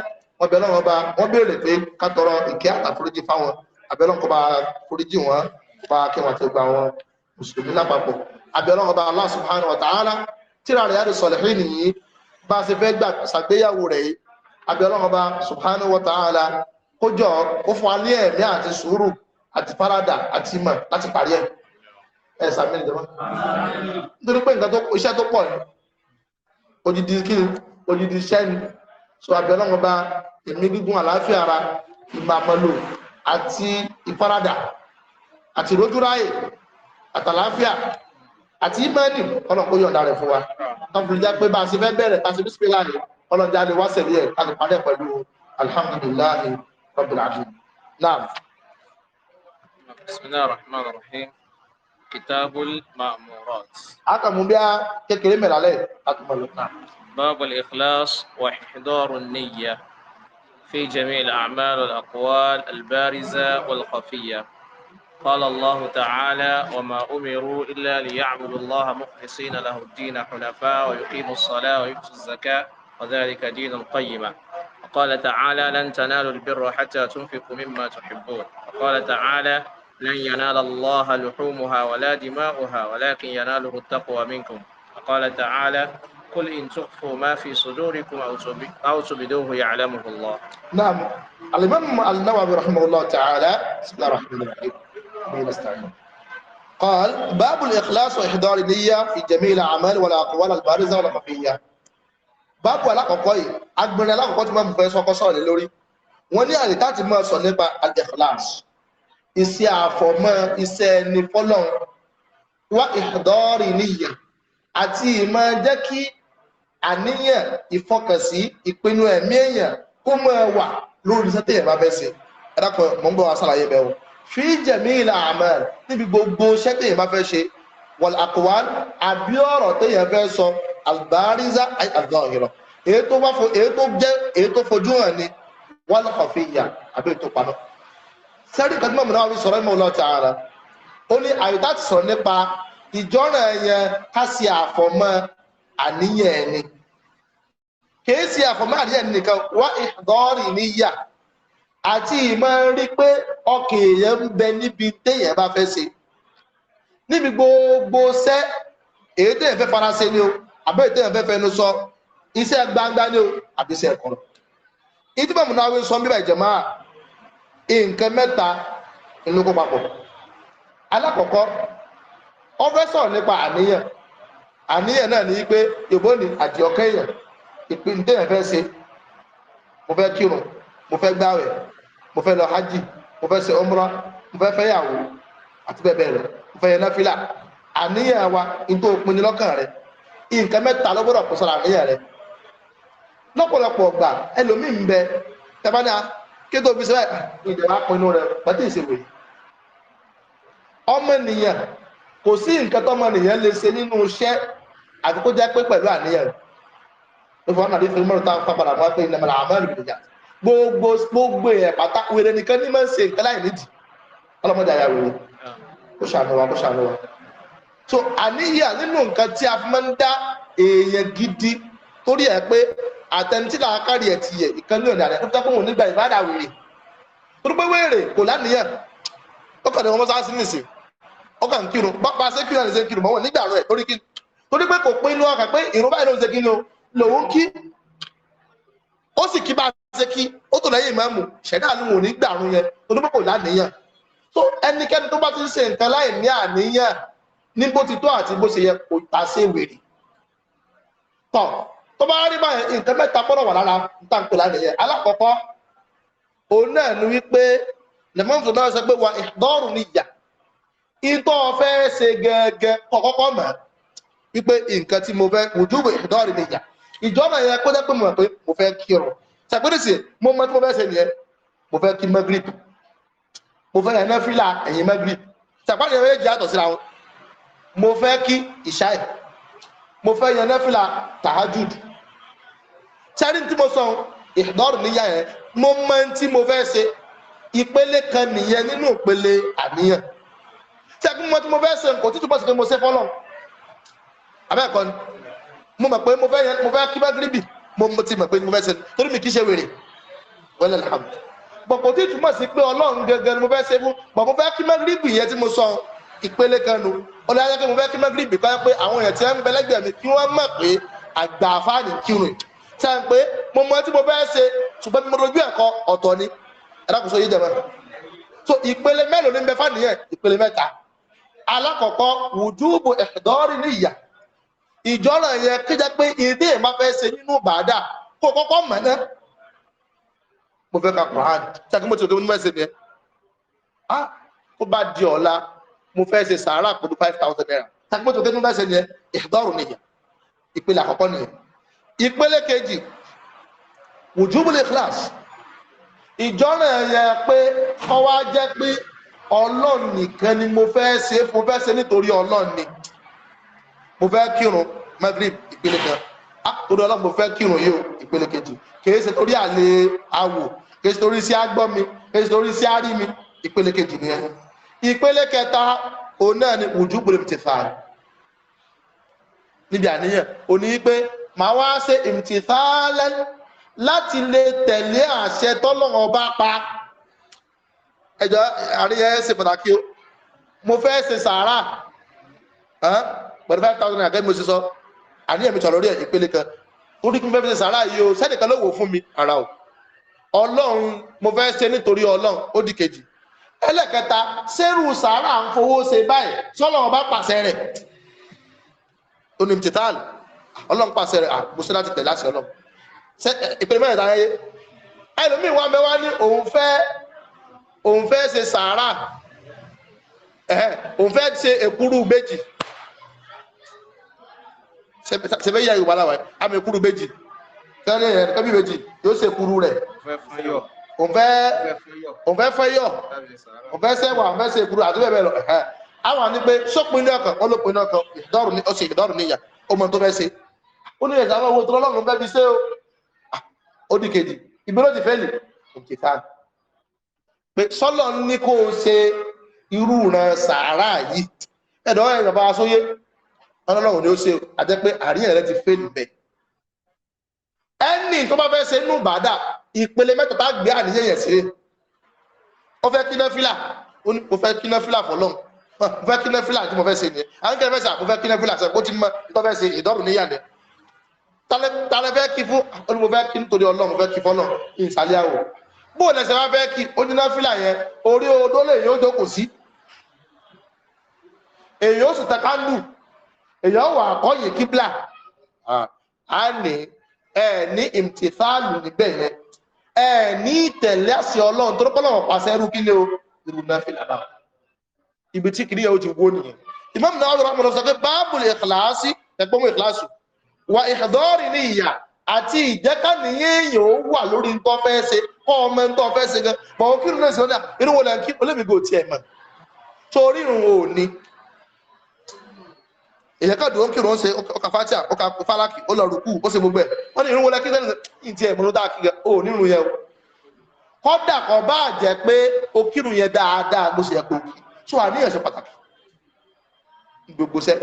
A: wọ́n bẹ̀rẹ̀ wọn bá wọ́n bèèrè pé ká tọrọ ìkẹ́ àtàforíjì fáwọn abẹ́lọ́n kó bá foríjì wọn bá kí wọn ti gba wọn mùsùlùmí lápapọ̀ abẹ́lọ́n ọba Allah subhanahu wa ta'ala tíra rẹ̀ yàrá sọ̀lẹ̀hìn nìyí bá a ṣe fẹ́ gbà ṣàgbéyàwó rẹ̀ yìí abẹ́lọ́n ọba subhanahu wa ta'ala kójọ ó fún alẹ́ ẹ̀mí àti sùúrù àti farada àti ìmọ̀ láti parí ẹ̀ ẹ̀ sàmì ìjọba nítorí pé nǹkan iṣẹ́ tó pọ̀ ni odidi kí odidi iṣẹ́ ni so abẹ́lọ́wọ́n bá ẹ̀mí gígùn àlàáfíà ara ìmàmọ́lò àti ìfaradà àti ìrójúráyè àtàlàáfíà àti ìmẹ́ẹ̀nì ọlọ́pọ̀ yọ̀ǹda rẹ̀ fún wa ọkùnrinjá pé bá a ṣe fẹ́ bẹ̀rẹ̀ bá a ṣe bí sípélà rẹ̀ ọlọ́jà lè wá sẹ̀lẹ̀ ẹ̀ a lè parí pẹ̀lú alhamdulillahi rabbil naam. kitabul ma'murat. a kà mú bí a kékeré mẹ́rànlẹ́ àtúmọ̀lẹ́ náà. باب الإخلاص واحضار النية في جميع الأعمال والأقوال البارزة والخفية قال الله تعالى وما أمروا إلا ليعبدوا الله مخلصين له الدين حنفاء ويقيموا الصلاة ويؤتوا الزكاة وذلك دين القيمة وقال تعالى لن تنالوا البر حتى تنفقوا مما تحبون وقال تعالى لن ينال الله لحومها ولا دماؤها ولكن يناله التقوى منكم وقال تعالى قل إن تخفوا ما في صدوركم أو تبدوه يعلمه الله نعم الإمام النووي رحمه الله تعالى بسم الله الرحمن الرحيم نستعين قال باب الإخلاص وإحضار النية في جميع الأعمال والأقوال البارزة والخفية báàbù alákọ̀ọ́kọ́ yìí agbẹ̀rẹ̀ alákọ̀ọ́kọ́ tí máa ń fẹ́ sọ́kọ́ sọ̀rọ̀ lé lórí wọ́n ní àlè láti máa sọ nípa al-ikhlas àfọ̀mọ́ iṣẹ́ ẹni fọ́lọ́run wá ihdari niyya àti ìmọ̀ jẹ́ kí àníyàn ìfọkànsí ìpinnu ẹ̀mí èèyàn kó mọ́ ẹ wà lórí sẹ́tẹ̀ yẹn bá bẹ́ sí ẹ dákun mọ́ ń bọ̀ wá sàlàyé bẹ́ẹ̀ o fi jẹ̀mí ìlà àmọ́ níbi gbogbo sẹ́tẹ̀ yẹn bá fẹ́ ṣe wal aqwal àbí ọ̀rọ̀ téèyàn fẹ́ sọ albariza al-zahira èyí tó bá èyí tó jẹ́ èyí tó fojú hàn ni wal khafiyya àbí èyí tó paná sẹ́rí kan tí mọ̀mọ́ náà fi sọ̀rọ̀ mọ́ lọ́ọ́ tààrà ó ní àyùtá ti ìjọ́ràn yẹn ká ṣe àfọ̀mọ́ àníyàn ẹni kìí ṣe àfọmọ́ àníyàn nìkan wá ìdọ́rì níyà àti ìmọ̀ rí pé ọkàn èèyàn ń bẹ níbi téèyàn bá fẹ́ ṣe níbi gbogbo ṣẹ́ èyí téèyàn fẹ́ fara ṣe ni o àbẹ́ èyí téèyàn fẹ́ fẹnu sọ iṣẹ́ gbangba ni o àbí iṣẹ́ ẹ̀kọ́ ìdíbò múnáwé sọ bíbá ìjọba nǹkan mẹ́ta ńlọkọ papọ̀ alákọ̀ọ́kọ́ o fẹ́ sọ̀rọ̀ nípa àníyàn àníyàn náà ní pé ìbò ní àdìọkẹ́ èèyàn ìpín fẹ́ ṣe mo fẹ́ kírun mo fẹ́ gbàwẹ̀ mo fẹ́ lọ hajj mo fẹ́ ṣe mo fẹ́ fẹ́ yàwó àti bẹ́ẹ̀ bẹ́ẹ̀ lọ mo fẹ́ wa ní tó lọ́kàn rẹ nǹkan mẹ́ta ló gbọ́dọ̀ kó àníyàn rẹ lọ́pọ̀lọpọ̀ ọgbà bẹ tẹ́bánà kí ìjọba ah, pinnu rẹ ìṣèwé ọmọ kò sí nǹkan lè ṣe àkókò jẹ́ pé pẹ̀lú àníyàn ló fi wọn nàdí fún mọ́rọ̀ táwọn padà wọn pé ìlẹ̀mọ̀lá àmọ́rì gbìyà gbogbo gbogbo èèyàn pátá wèrè nìkan ní máa ń ṣe nǹkan láì nídìí ọlọ́mọdé àyà wèrè kó ṣàánú wa kó so àníyàn nínú nǹkan tí a fi máa ń dá èèyàn gidi torí ẹ pé àtẹnití làá kárí ẹ ti yẹ ìkan lónìí àná tó fẹ́ fún òun nígbà ìbáàdà wèrè torí pé wèrè kò láníyàn ó kàn ní wọn mọ́sáàsì nìsín ó kàn kírun bá pa ṣé kírun àti torí pé kò pé inú ọkàn pé ìrun báyìí ló o lòun kí ó sì kí bá a ṣe kí ó tó lẹ́yìn ṣẹ̀dá ni wọn ò ní yẹn torí pé kò láníyàn tó ẹnikẹ́ni tó bá ti ń ṣe nǹkan láì ní àníyàn ní bó ti tó àti bó ṣe yẹ kò ta sí wèrè tọ tó bá rí báyìí nǹkan mẹ́ta wà lára níta ń pè láníyàn alákọ̀ọ́kọ́ òun náà ni wípé wípé nǹkan tí mo fẹ́ wùdúwò ìdọ́rin nìyà ìjọba yẹn kó jẹ́ pé mo mọ̀ pé mo fẹ́ kírun ṣàpèjì mo mọ tí mo fẹ́ ṣe nìyẹn mo fẹ́ kí magrib mo fẹ́ yẹn fílà ẹ̀yìn magrib ṣàpèjì yẹn méjì yàtọ̀ síra wọn mo fẹ́ kí ìṣáì mo fẹ́ yẹn fílà tahajud sẹ́ni tí mo sọ ìdọ́rin nìyà yẹn mo mọ tí mo fẹ́ ṣe ìpele kan nìyẹn nínú ìpele àníyàn ṣàpèjì mo fẹ́ ṣe nǹkan títúbọ̀ sí pé mo ṣe fọ́lọ́run abẹ́ẹ̀kọ́ ni mo mọ̀ pé mo fẹ́ yẹn mo fẹ́ kí bá gíríbì mo mo ti mọ̀ pé mo fẹ́ ṣe torí mi kì í ṣe wèrè wọ́n lẹ́nu àbù bọ̀kọ̀ tí túmọ̀ sí pé ọlọ́run gẹ́gẹ́ ni mo fẹ́ ṣe fún bọ̀ mo fẹ́ kí bá gíríbì yẹn tí mo sọ ìpele kan nu ọlọ́run ayẹ́kẹ́ mo fẹ́ kí bá gíríbì kan pé àwọn èèyàn tí wọ́n ń bẹ lẹ́gbẹ̀ẹ́ mi kí wọ́n mọ̀ pé àgbà àfáàní kírun sẹ́ ń pé mo mọ̀ tí mo fẹ́ ṣe ṣùgbọ́n mo rojú ẹ̀kọ́ ọ̀tọ̀ ni ẹ̀dákùnso yìí jẹ̀mọ́ so ìpele mélòó ni ń bẹ fáàní yẹn ìpele mẹ́ta alákọ̀ọ́kọ́ wùdúùbù ẹ̀dọ́rin ìjọ́ràn yẹ kí jẹ́ pé ìdí ìmá fẹ́ ṣe nínú bàdà kó kọ́kọ́ mọ̀ mo fẹ́ ka Quran tí mo ti rò pé mo fẹ́ ṣe bẹ́ẹ̀ ah ó bá di ọ̀la mo fẹ́ ṣe sàárà pẹ̀lú five thousand naira tí a kí mo ti rò pé mo fẹ́ ṣe yẹn ìdọ́rùn nìyẹn ìpele àkọ́kọ́ nìyẹn ìpele kejì wùjúbùlé class ìjọ́ràn yẹ pé ọwọ́ jẹ́ pé Ọlọ́run nìkan ni mo fẹ́ ṣe mo fẹ́ ṣe nítorí Ọlọ́run mo fẹ́ kírun magrib ìpele kan àkódọ́ ah, ọlọ́run mo fẹ́ kírun yìí o ìpele kejì kìí ṣe torí àlè awò kìí ṣe torí sí agbọ́ mi kìí ṣe torí sí arí mi ìpele kejì nìyẹn ìpele kẹta òun náà ni wùjú gbèrè ti fà á níbi àníyàn òní pé màá wá ṣe ìmùtìfàálẹ́ láti lè tẹ̀lé àṣẹ tọ́lọ́run ọba pa ẹjọ́ àríyá ẹ̀ ṣe pàtàkì o mo fẹ́ ṣe sàárà pẹ̀lú five thousand naira gẹ́gẹ́ mo ṣe sọ àníyàn mi sọ̀rọ̀ rí ẹ̀ ìpele kan torí kí n fẹ́ fi ṣe sàárà yìí o sẹ́nìkan ló wò fún mi ara o ọlọ́run mo fẹ́ ṣe nítorí ọlọ́run ó di kejì ẹlẹ́kẹta sẹ́rù sàárà ń fowó ṣe báyìí sọ́lọ́run bá pàṣẹ rẹ̀ onimtital ọlọ́run pàṣẹ rẹ̀ àmúṣe láti tẹ̀lé àṣẹ ọlọ́run ìpele mẹ́rin táyé ẹlòmíì wá bẹ wá ní òun fẹ́ òun fẹ́ ṣe sàárà òun fẹ́ ṣe èkúrú méjì sẹbẹ yà yorùbá làwọn àmì kúrú méjì tẹ́lẹ̀ yẹn kẹbí méjì yóò ṣe kúrú rẹ̀ òun fẹ́ fẹ́ yọ òun fẹ́ sẹ́wà òun fẹ́ ṣe kúrú àti bẹ́ẹ̀ bẹ́ẹ̀ lọ àwọn àni pé sọpin ní ọkàn ọlọpin ní ọkàn ìdọrùn ní ọsẹ ìdọrùn níyà ọmọ tó fẹ́ ṣe ó ní ẹsẹ àwọn owó tó lọlọrun fẹ́ fi ṣe o ah, ó di kejì ìgbéló ti fẹ́ lè òkè tá pé sọlọ ní kó o ṣe irú ràn sàárà yìí ẹdọ ẹ ọlọ́run ni ó ṣe àjẹ́ pé àríyàn rẹ ti fèlì bẹ̀ ẹni tó bá fẹ́ ṣe nù bàdà ìpele mẹ́ta tá gbé àníyàn yẹn sí ó fẹ́ kí náfìlà ó fẹ́ kí náfìlà fọlọ́run mo fẹ́ kí náfìlà tí mo fẹ́ ṣe nìyẹn àwọn kí náfìlà mo fẹ́ kí náfìlà sọ bó ti mọ tó fẹ́ ṣe ìdọ́rùn níyàn dẹ̀ tálẹ́ fẹ́ kí fún olùmọ fẹ́ kí nítorí ọlọ́run fẹ́ kí fọlọ́run ìsàlẹ̀ àwọ̀ bó o lẹ́sẹ̀ wá fẹ́ kí onínáfìlà yẹn orí odó lè yóò jókòó sí èyí ó sì tẹ kándù èyàn wà àkọ́yè kíblà á ah. ní ẹ ní ìmtìfáàlù níbẹ̀ yẹn ẹ ní ìtẹ̀lé àṣẹ ọlọ́run tó rọ́pọ́ lọ́wọ́ pàṣẹ irú kílé o irú náà fi làbá ibi tí kìnìyàn ó ti wó nìyẹn Imam Nawawi rahmanu sọ pé báàbùlì ìkìláàsì ẹgbọ́n ìkìláàsì wa ìdọ́rì ní ìyà àti ìjẹ́kànnìyàn ó wà lórí nǹkan fẹ́ ṣe kọ́ ọmọ nǹkan fẹ́ ṣe gan mọ̀ kírun náà sọ ní ah, irun wo lẹ́yìn ni èyàn kan dùn ó ń kírun ó ń ṣe ọkà fatia ọkà falaki ó lọ rùkú ó ṣe gbogbo ẹ wọn ní irunwó lẹkí sẹni ní ti ẹmọ ló dáa kí ó nírun yẹn o kódà kan bá jẹ pé o kírun yẹn dáadáa ló ṣe yẹ kó kí so àníyàn ṣe pàtàkì gbogbo sẹ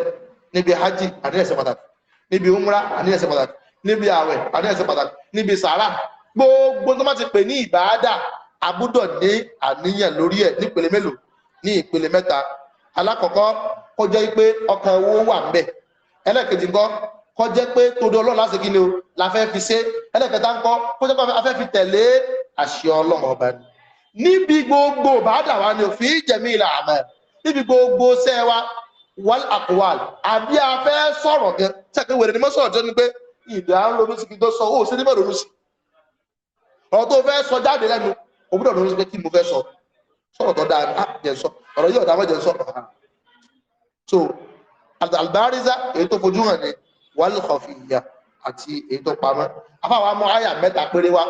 A: níbi hajj àníyàn ṣe pàtàkì níbi umra àníyàn ṣe pàtàkì níbi àwẹ̀ àníyàn ṣe pàtàkì níbi sàrà gbogbo tó má ti pè ní ìbáadà àbúdọ̀ ní àníyàn lórí ẹ̀ nípele mélòó ní ìpele mẹ́ta alákọ̀ọ́kọ́ kọjá pé ọkàn owó wà ń bẹ̀ ẹlẹ́ẹ̀kejì ńkọ́ kọjá pé todo ọlọ́run láti kí ni o la fẹ́ fi ṣe ẹlẹ́ẹ̀kẹta ńkọ́ kọjá pé a fẹ́ fi tẹ̀lé àṣẹ ọlọ́run ọba ni níbi gbogbo bàdà wa ni òfin ìjẹ̀mí ìlà àmọ́ níbi gbogbo sẹ́ wa wal akwal àbí a sọ̀rọ̀ gan sẹ́kẹ̀ wèrè ni mo sọ̀rọ̀ tó ní pé ìdá ń ronú sí kí sọ ó sí níbẹ̀ ronú sí ọ̀rọ̀ tó fẹ́ sọ jáde lẹ́nu òbúdọ̀ ronú sí pé kí mo fẹ́ sọ sọ̀rọ̀ tó dáa ah, jẹ́ sọ ọ̀rọ̀ yóò dáa mọ́ jẹ́ sọ so albariza èyí tó fojú hàn ní wàlúkọ̀fìyà àti èyí tó pamọ́ afáwọn amú àyà mẹ́ta péré wá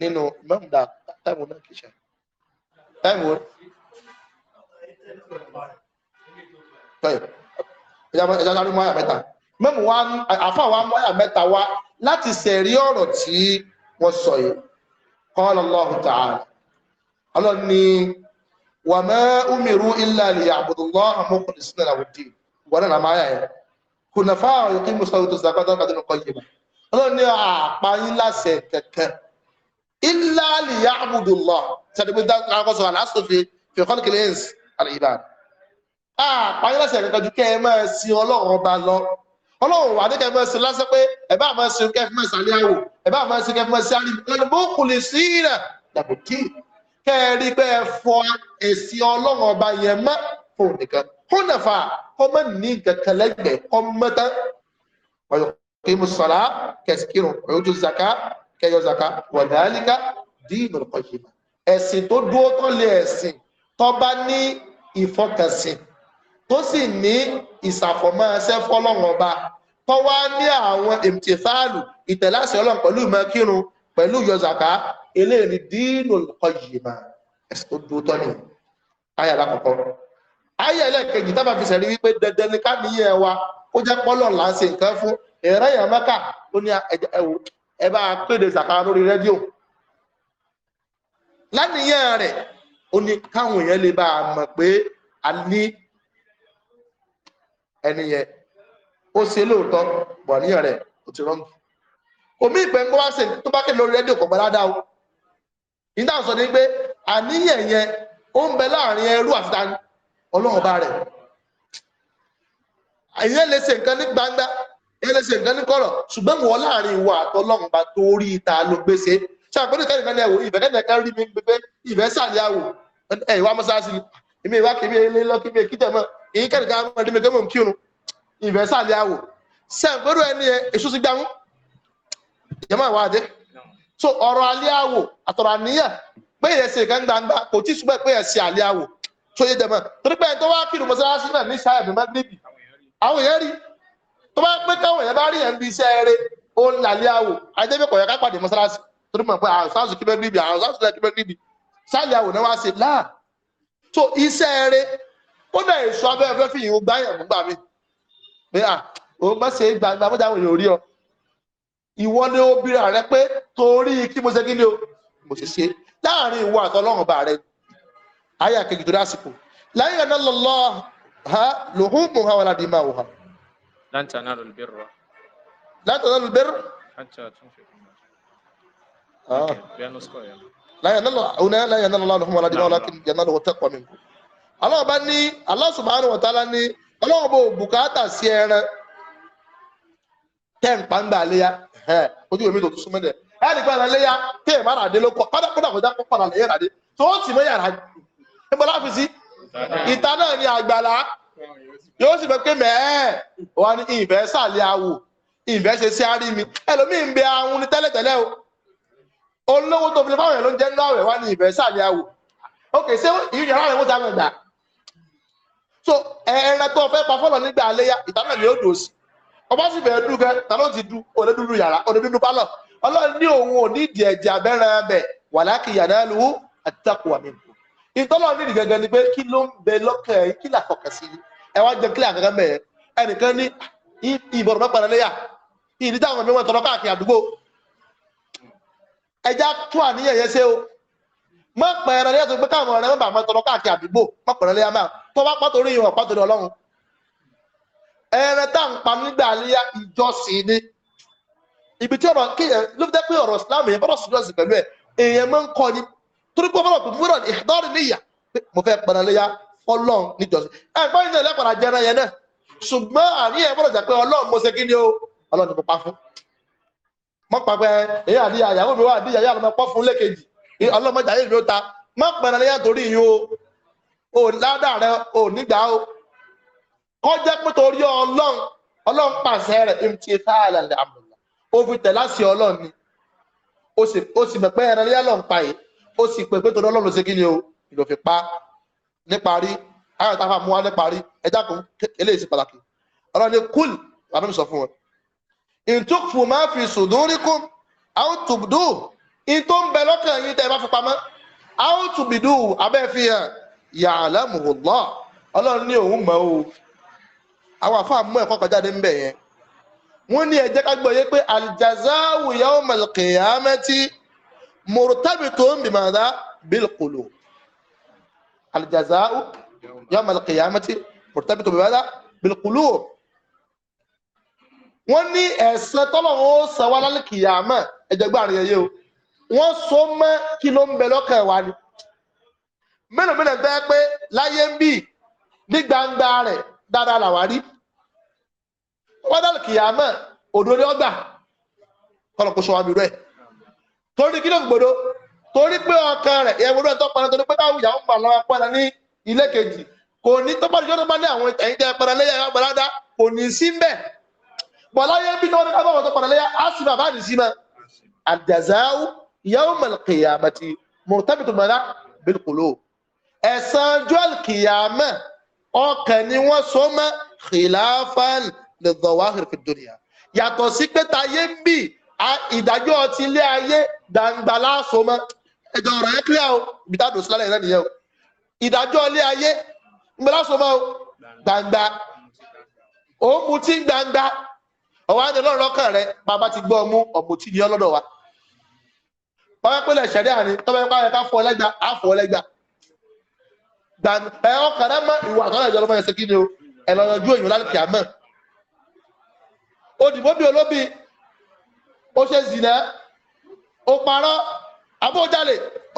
A: nínú mẹ́mùdá táìmù náà kìí ṣe táìmù ẹ̀yà sáré mú àyà mẹ́ta mẹ́mù wá afáwọn amú àyà mẹ́ta wá láti sẹ̀rí ọ̀rọ̀ tí wọ́n sọ yìí qala Allahu ta'ala Allah ni wà mẹ́ umiru ilà lè àbùdùlọ́ àmúkùn ìsinmi àwùjì wọ́n náà máa yà ẹ̀ kò nà fà àwọn yòókì mùsùlùmí tó zàkọ́ tán kàdínú kọ́ yìí ọlọ́run ní àpá yín láṣẹ kẹ̀kẹ́ ilà lè àbùdùlọ́ sàdébí dákọ́ sọ àlásòfin fìkọ́n kìlẹ́ǹs àlèyìnbá àpá yín láṣẹ kẹ̀kẹ́ ju kẹ́ ẹ máa sin ọlọ́run ọba lọ ọlọ́run wà ní kẹ́ ẹ máa sin pé ẹ bá máa sin kẹ́ ẹ fi máa sàlẹ̀ àwò ẹ bá máa sin kẹ́ ẹ kẹ́ ẹ rí pé ẹ fọ ẹ̀sìn ọlọ́run ọba yẹn mọ́ fún nìkan ó nàfà ọmọ ní kankan lẹ́gbẹ̀ẹ́ ọmọ tán ọ̀yọ̀ kí mo sọ̀rọ̀ kẹsì kírun ọ̀yọ̀ ojú zaka kẹyọ zaka wọ̀dálíkà dínú ọ̀yẹ̀ ẹ̀sìn tó dúró tó lé ẹ̀sìn tó bá ní ìfọkànsìn tó sì ní ìsàfọ̀mọ́ẹsẹ́ fọlọ́run ọba tó wá ní àwọn èmtìfáàlù ìtẹ̀láṣẹ ọlọ́run pẹ̀lú ìmọ̀ kírun pẹ̀lú yọ zaka eléyìí dínú ọ̀yìnbá ẹ̀sìn tó dúró tọ́ ni ayé alákọ̀ọ́kọ́ ayé ẹlẹ́ẹ̀kejì tábà fi sẹ̀rí wípé dandan ni káníyàn wa ó jẹ́ pọ́lọ̀ là ń ṣe nǹkan fún ẹ̀rẹ́ yẹn mẹ́kà ó ní ẹ̀wò ẹ bá kéde zaka lórí rédíò lánìyàn rẹ̀ ó ní káwọn èèyàn lè bá a mọ̀ pé a ní ẹni ó ṣe lóòótọ́ bọ̀ níyàn rẹ̀ ó ti rọ́ǹgì omi ìpẹ́ngbọ́n wá sí tó bá kéde lórí rédíò kò gbọ́dá dáa o nígbà sọ ni pé àníyàn yẹn ó ń bẹ láàrin ẹrú àti tani ọlọ́run ọba rẹ̀ ìyẹn lè ṣe nǹkan ní gbangba ìyẹn lè ṣe nǹkan ní kọ̀rọ̀ ṣùgbọ́n wọ́n láàrin ìwà àtọ́lọ́run bá torí ta ló gbèsè ṣe àpẹẹrẹ kẹ́rin kan ní ẹ̀wò ìfẹ́ kẹ́rin kan rí mi gbẹgbẹ́ ìfẹ́ sàlíyàwó ẹ̀ ìwà mọ́sáàsì èmi ìwà kìí ilé lọ́kì mi èkìtẹ̀ mọ́ èyí kẹ́rin kan mọ́ ẹ̀dínmẹ́gbẹ́mọ̀ kírun ìfẹ́ sàlíyàwó ṣe àpẹẹrẹ ẹni ẹ̀ èṣù ti gbàmú jẹ́mọ́ ìwádìí so ọ̀rọ̀ aléàwò àtọ̀rọ̀ àníyàn pé ìrẹsì kan gbangba kò tí ṣùgbọ́n pé ẹ̀sìn aléàwò tó yé jẹmọ́ torí pé tó wá kírun mọ́sálásí náà ní sáyẹ̀ mímọ́ níbi àwọn èèyàn rí tó bá pé káwọn èèyàn bá rí ẹ̀ ń bi iṣẹ́ eré ó ń làléàwò ajẹ́bí kọ̀ọ̀yà ká pàdé mọ́sálásí torí mọ̀ pé àwọn sáàsù kíbẹ́ níbi àwọn sáàsù kíbẹ́ níbi sáàléàwò náà wá ṣe láà so iṣẹ́ eré ó dẹ̀ èso abẹ́rẹ́ fẹ́ fi ìhun gbáyàn fún gbà mí pé à òun mọ́ ṣe gbàgbà mọ́jà ìwọ ni ó bí ààrẹ pé torí kí mo ṣe kí ni o mo ṣe ṣe láàrin ìwọ àtọlọ́run bá rẹ ayé àkejì tó dásìkò láyé ẹ̀dá lọ́lọ́ ha lòhùn mọ̀ ha wà ládìí máa wò ha. láǹtà náà ló bẹ̀rù wa. láǹtà náà ló bẹ̀rù. láǹtà tún fi kún
B: un.
A: bẹ́ẹ̀ni sọ yẹn. láyé ẹ̀dá lọ́lọ́ àwọn láyé ẹ̀dá lọ́lọ́ lòhùn mọ̀ ládìí máa wò lákìn yẹn náà ló tẹ́kọ̀ọ́ mi. Allah bá ní Allah subhanahu wa ta'ala ní ọlọ́wọ́ bò bùkátà sí ojú omi tó súnmọ́ dẹ̀ ẹnì kan náà léyà tí èèmà rà dé ló kọ kọ́dà kọ́dà kọjá kọ́ padà lẹ́yìn rà dé tó mọ́ yàrá sí ìta náà ni mi ẹlòmíín bẹ ahun ní tẹ́lẹ̀tẹ́lẹ̀ o olówó tó fi fáwọn ẹ̀ ló ń jẹ́ wà ní ìfẹ́ sàlẹ̀ ok ṣé yàrá rẹ̀ so tó fẹ́ pa fọ́lọ̀ nígbà ìta náà ni ó ọba sì bẹ̀rẹ̀ dúdú kan tàbí ti du òde dúdú yàrá òde dúdú pálọ̀ ọlọ́run ní òun ò ní ìdí ẹ̀jẹ̀ abẹ́rẹ́ abẹ wàláàkì yàrá lu àtàkùwà mi kù ìtọ́lọ̀ ní ìdí gẹ́gẹ́ ni pé kí ló ń bẹ lọ́kàn yìí kí làkọ̀kẹ́ sí i ẹ wá jẹ kílẹ̀ àkàkẹ́ mẹ́ẹ̀ ẹnìkan ní ìbọ̀rọ̀ mẹ́pàdé léyà ìdí táwọn ọmọ mi wọn tọrọ káàkiri àdúgbò ẹja tún àníyàn yẹn ṣe o mọ̀pẹ̀rẹ̀ léyà tó gbé káwọn ọ̀rẹ́ mọ̀ bàmọ́ tọrọ káàkiri àdúgbò ẹrẹ tá à ń pa nígbà àléyá ìjọsìn ni ibi tí ọ̀rọ̀ kí ló fi jẹ́ pé ọ̀rọ̀ islam yẹn bọ́dọ̀ sùjọ́sì pẹ̀lú ẹ̀ èèyàn máa ń kọ́ ni torí pé bọ́dọ̀ tó múrọ̀ ìdọ́rin níyà pé mo fẹ́ pẹ̀lú àléyá ọlọ́run níjọsìn ẹ̀ gbọ́n ní ẹlẹ́pàdà jẹran yẹn náà ṣùgbọ́n àníyàn bọ́dọ̀ jẹ́ pé ọlọ́run mo ṣe kí ni o ọlọ́run ti pupa fún mọ́ pàpẹ́ èyí àdíyà ìyàwó mi wà àdíyà yàrá máa pọ́ fún lẹ́kejì ọlọ́mọdé ayé mi ó ta má pẹ̀lú àléyá torí yìí o ò ládàá rẹ ò nígbà o kọjá pé torí ọlọ́run ọlọ́run pàṣẹ rẹ̀ mt fàlà lè àmọ̀lá ó fi tẹ̀ láti ọlọ́run ni ó sì pẹ̀pẹ́ ẹran yálà ń pa yìí ó sì pẹ̀pẹ́ torí ọlọ́run ló ṣe kí ni o ìlò fi pa níparí ayọ̀ tá a fà mú wa níparí ẹja kò eléyìí sí pàtàkì ọlọ́run ni kúl àbẹ́ mi sọ fún wọn. ìtúkùfù máa fi sùdúríkùn àwùtùbùdù ìtò ń bẹ lọ́kàn yín tẹ́ ẹ bá fi pamọ́ àwùtùbùdù abẹ́ fi hàn ya'lamuhu Allah ọlọ́run ní òun mọ̀ o àwọn àfa mú ẹ̀kọ́ kan jáde ń bẹ̀ yẹn wọ́n ní ẹ jẹ́ ká gbọ́ yé pé aljazawu yawmal qiyamati murtabitun bimadha bilqulub aljazawu yawmal qiyamati murtabitun bimadha bilqulub wọ́n ní ẹ̀san tọ́lọ́run ó san wá lálùkìyàmọ̀ ẹ̀jẹ̀ gbọ́ àrùn yẹyẹ o wọ́n so mọ́ kí ló ń bẹ lọ́kàn wa ni mélòó mélòó bẹ́ẹ̀ pé láyé ń bì ní gbangba rẹ̀ dáadáa làwárí wọ́dàlù kìyàmọ́ òdò ní ọgbà kọlọ̀kù sọ àmì rẹ̀ torí kí ló ń gbòdó torí pé ọkàn rẹ̀ ìyẹ̀wòrán ẹ̀ tó padà torí pé báwo ìyàwó pa lọ́wọ́ padà ní ilé kejì kò ní tó bá dìjọ́ tó bá ní àwọn ẹ̀yìn tẹ́ padà lẹ́yà ẹ̀yà gbàládá kò ní sí mbẹ̀ bọ̀láyé bí tó ní ká báwọn lẹ́yà á sì bàbá àdì sí ma àjàzáwù yawmal qiyamati mọ̀tàbí tó mọ̀lá bil qulub ẹ̀sán jọ́ọ̀lù kìyàmọ́ ọkàn ni wọ́n so mọ́ khilafan lè dọ̀wá hìrìkì dùnìyà yàtọ̀ sí pé tayé ń bì ìdájọ́ ti ilé ayé dàǹgbà láàṣọ mọ́ ẹjọ́ ọ̀rọ̀ yẹn clear o ibi tá a dùn sílẹ̀ náà nìyẹn o ìdájọ́ ilé ayé ń bẹ láṣọ mọ́ o gbangba ó mu tí gbangba ọ̀wá ni ọlọ́run lọ́kàn rẹ bàbá ti gbọ́ ọmú ọ̀mù tí ni ọlọ́dọ̀ wa bàbá pẹ́lẹ̀ ṣẹ̀rí àní tọ́bẹ̀ ń pààyàn ká fọ ẹlẹ́gbà á fọ ẹlẹ́gbà ẹ̀ ọkàn náà mọ ìwà àtọ́lẹ̀ ìjọba ẹ̀sẹ̀ kí ni o ẹ̀ lọ́yọ̀jú odìbóbi olóbi ó ṣe zìnà ó parọ́ abójálè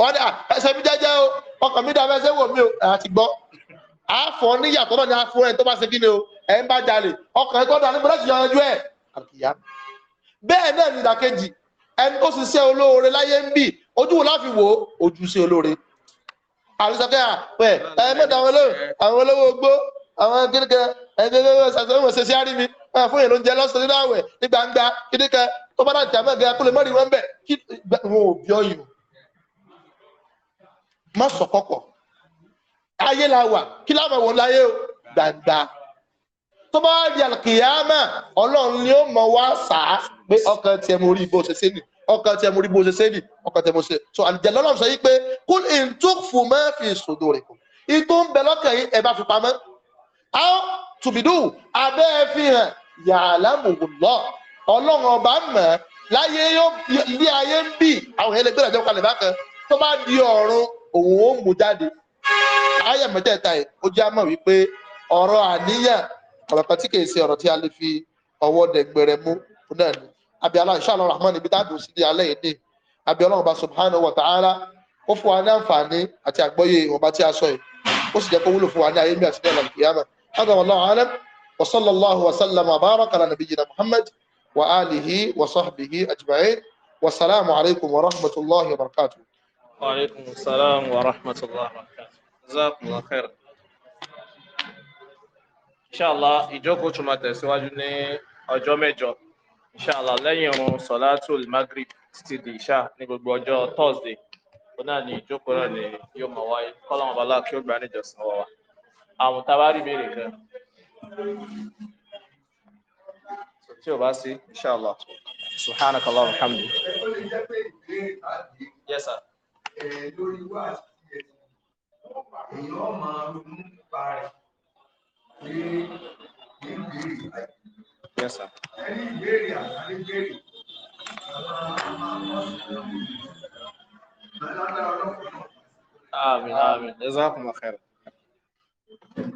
A: ọ̀dà ẹsẹ̀ mi jẹ́jẹ́ o ọkàn mi dàbẹ́ ẹsẹ̀ wò mí o àti gbọ́ àfọ̀ níyàtọ̀ náà ni àfọ̀ rẹ̀ tó bá ṣe kí ni o ẹ̀ ń bá jalè ọkàn ẹ̀kọ́ dà níbo láti yanjú ẹ̀ àkìyá bẹ́ẹ̀ náà ni ìdàkejì ẹni tó ṣiṣẹ́ olóore láyé ń bì ojú wo láfi wò ojú sí olóore àlùsọ̀kẹ́ à pẹ̀ ẹ̀ mẹ́ta àwọn olówó gbó àwọn kékeré ẹ̀ẹ́dẹ́gbẹ́rẹ́ ṣàṣẹ́ fún yẹn ló ń jẹ lọ́sàn nínú àwẹ̀ ní gbangba kíníkẹ tó bá dàjà mẹ́gẹ kó lè mọ́rin wọn bẹ̀ kí wọn ò bí ọyọ. má sọ kọkọ ayé la wà kí láwọn wọn láyé o gbangba tó bá di àkìyàmà ọlọ́run ni ó mọ wá sàá pé ọkàn tiẹ̀ mo rí ibo ṣe sí ni ọkàn tiẹ̀ mo rí ibo ṣe sí ni ọkàn tiẹ̀ mo ṣe so àlùjẹ lọ́lọ́run sọ yìí pé kó n mẹ́fì sòdò rẹ̀ ìtò ń bẹ lọ́kàn yìí ẹ̀ bá fi pamọ́ áó tùbìdù abẹ́ fi hàn ya'lamuhullah ọlọ́run ọba mọ̀ láyé ilé ayé ń bì àwọn èèyàn lè gbé ìdájọ́ kalẹ̀ bákan tó bá di ọ̀run òun ó mú jáde ayé mẹ́tẹ̀ẹ̀ta yìí ó jẹ́ àmọ́ wípé ọ̀rọ̀ àníyàn ọ̀rọ̀ tí kìí ṣe ọ̀rọ̀ tí a lè fi ọwọ́ dẹ̀gbẹ̀rẹ̀ mú náà ni àbí Allah insha Allah rahman ibi táàdùn sí ní alẹ́ yìí ni àbí ọlọ́run bá subhanahu wa ta'ala ó fún wa ní àǹfààní àti àgbọ́yé ìwọ̀nba tí a sọ yìí ó sì jẹ́ kó wúlò fún wa ní ayé mi àti ní ọ̀làkìyàmà هذا والله أعلم وصلى الله وسلم وبارك على نبينا محمد وآله وصحبه أجمعين والسلام عليكم ورحمة الله وبركاته وعليكم السلام ورحمة الله وبركاته جزاكم الله خيرا إن شاء الله ìjókòó tún máa tẹ̀síwájú ní ọjọ́ mẹ́jọ inṣàlá lẹ́yìn irun sọ̀látùl magrib títí di ìṣá ní gbogbo ọjọ́ thursday ó náà ní ìjókòó náà ni yóò máa wáyé kọ́lọ́mọba láàkí ó gbà níjọsìn wọ́n wa. àwọn tá a bá rí ìbéèrè kan tí o bá sí inṣàlá subhanakallah alhamdu. yes sir. lórí wá èèyàn máa ronú nípa rẹ̀ ní ìbéèrè àyè. yes sir. ẹni ìbéèrè àtàlẹ́ ìbéèrè
B: آمين آمين جزاكم الله
A: خيرا Thank you.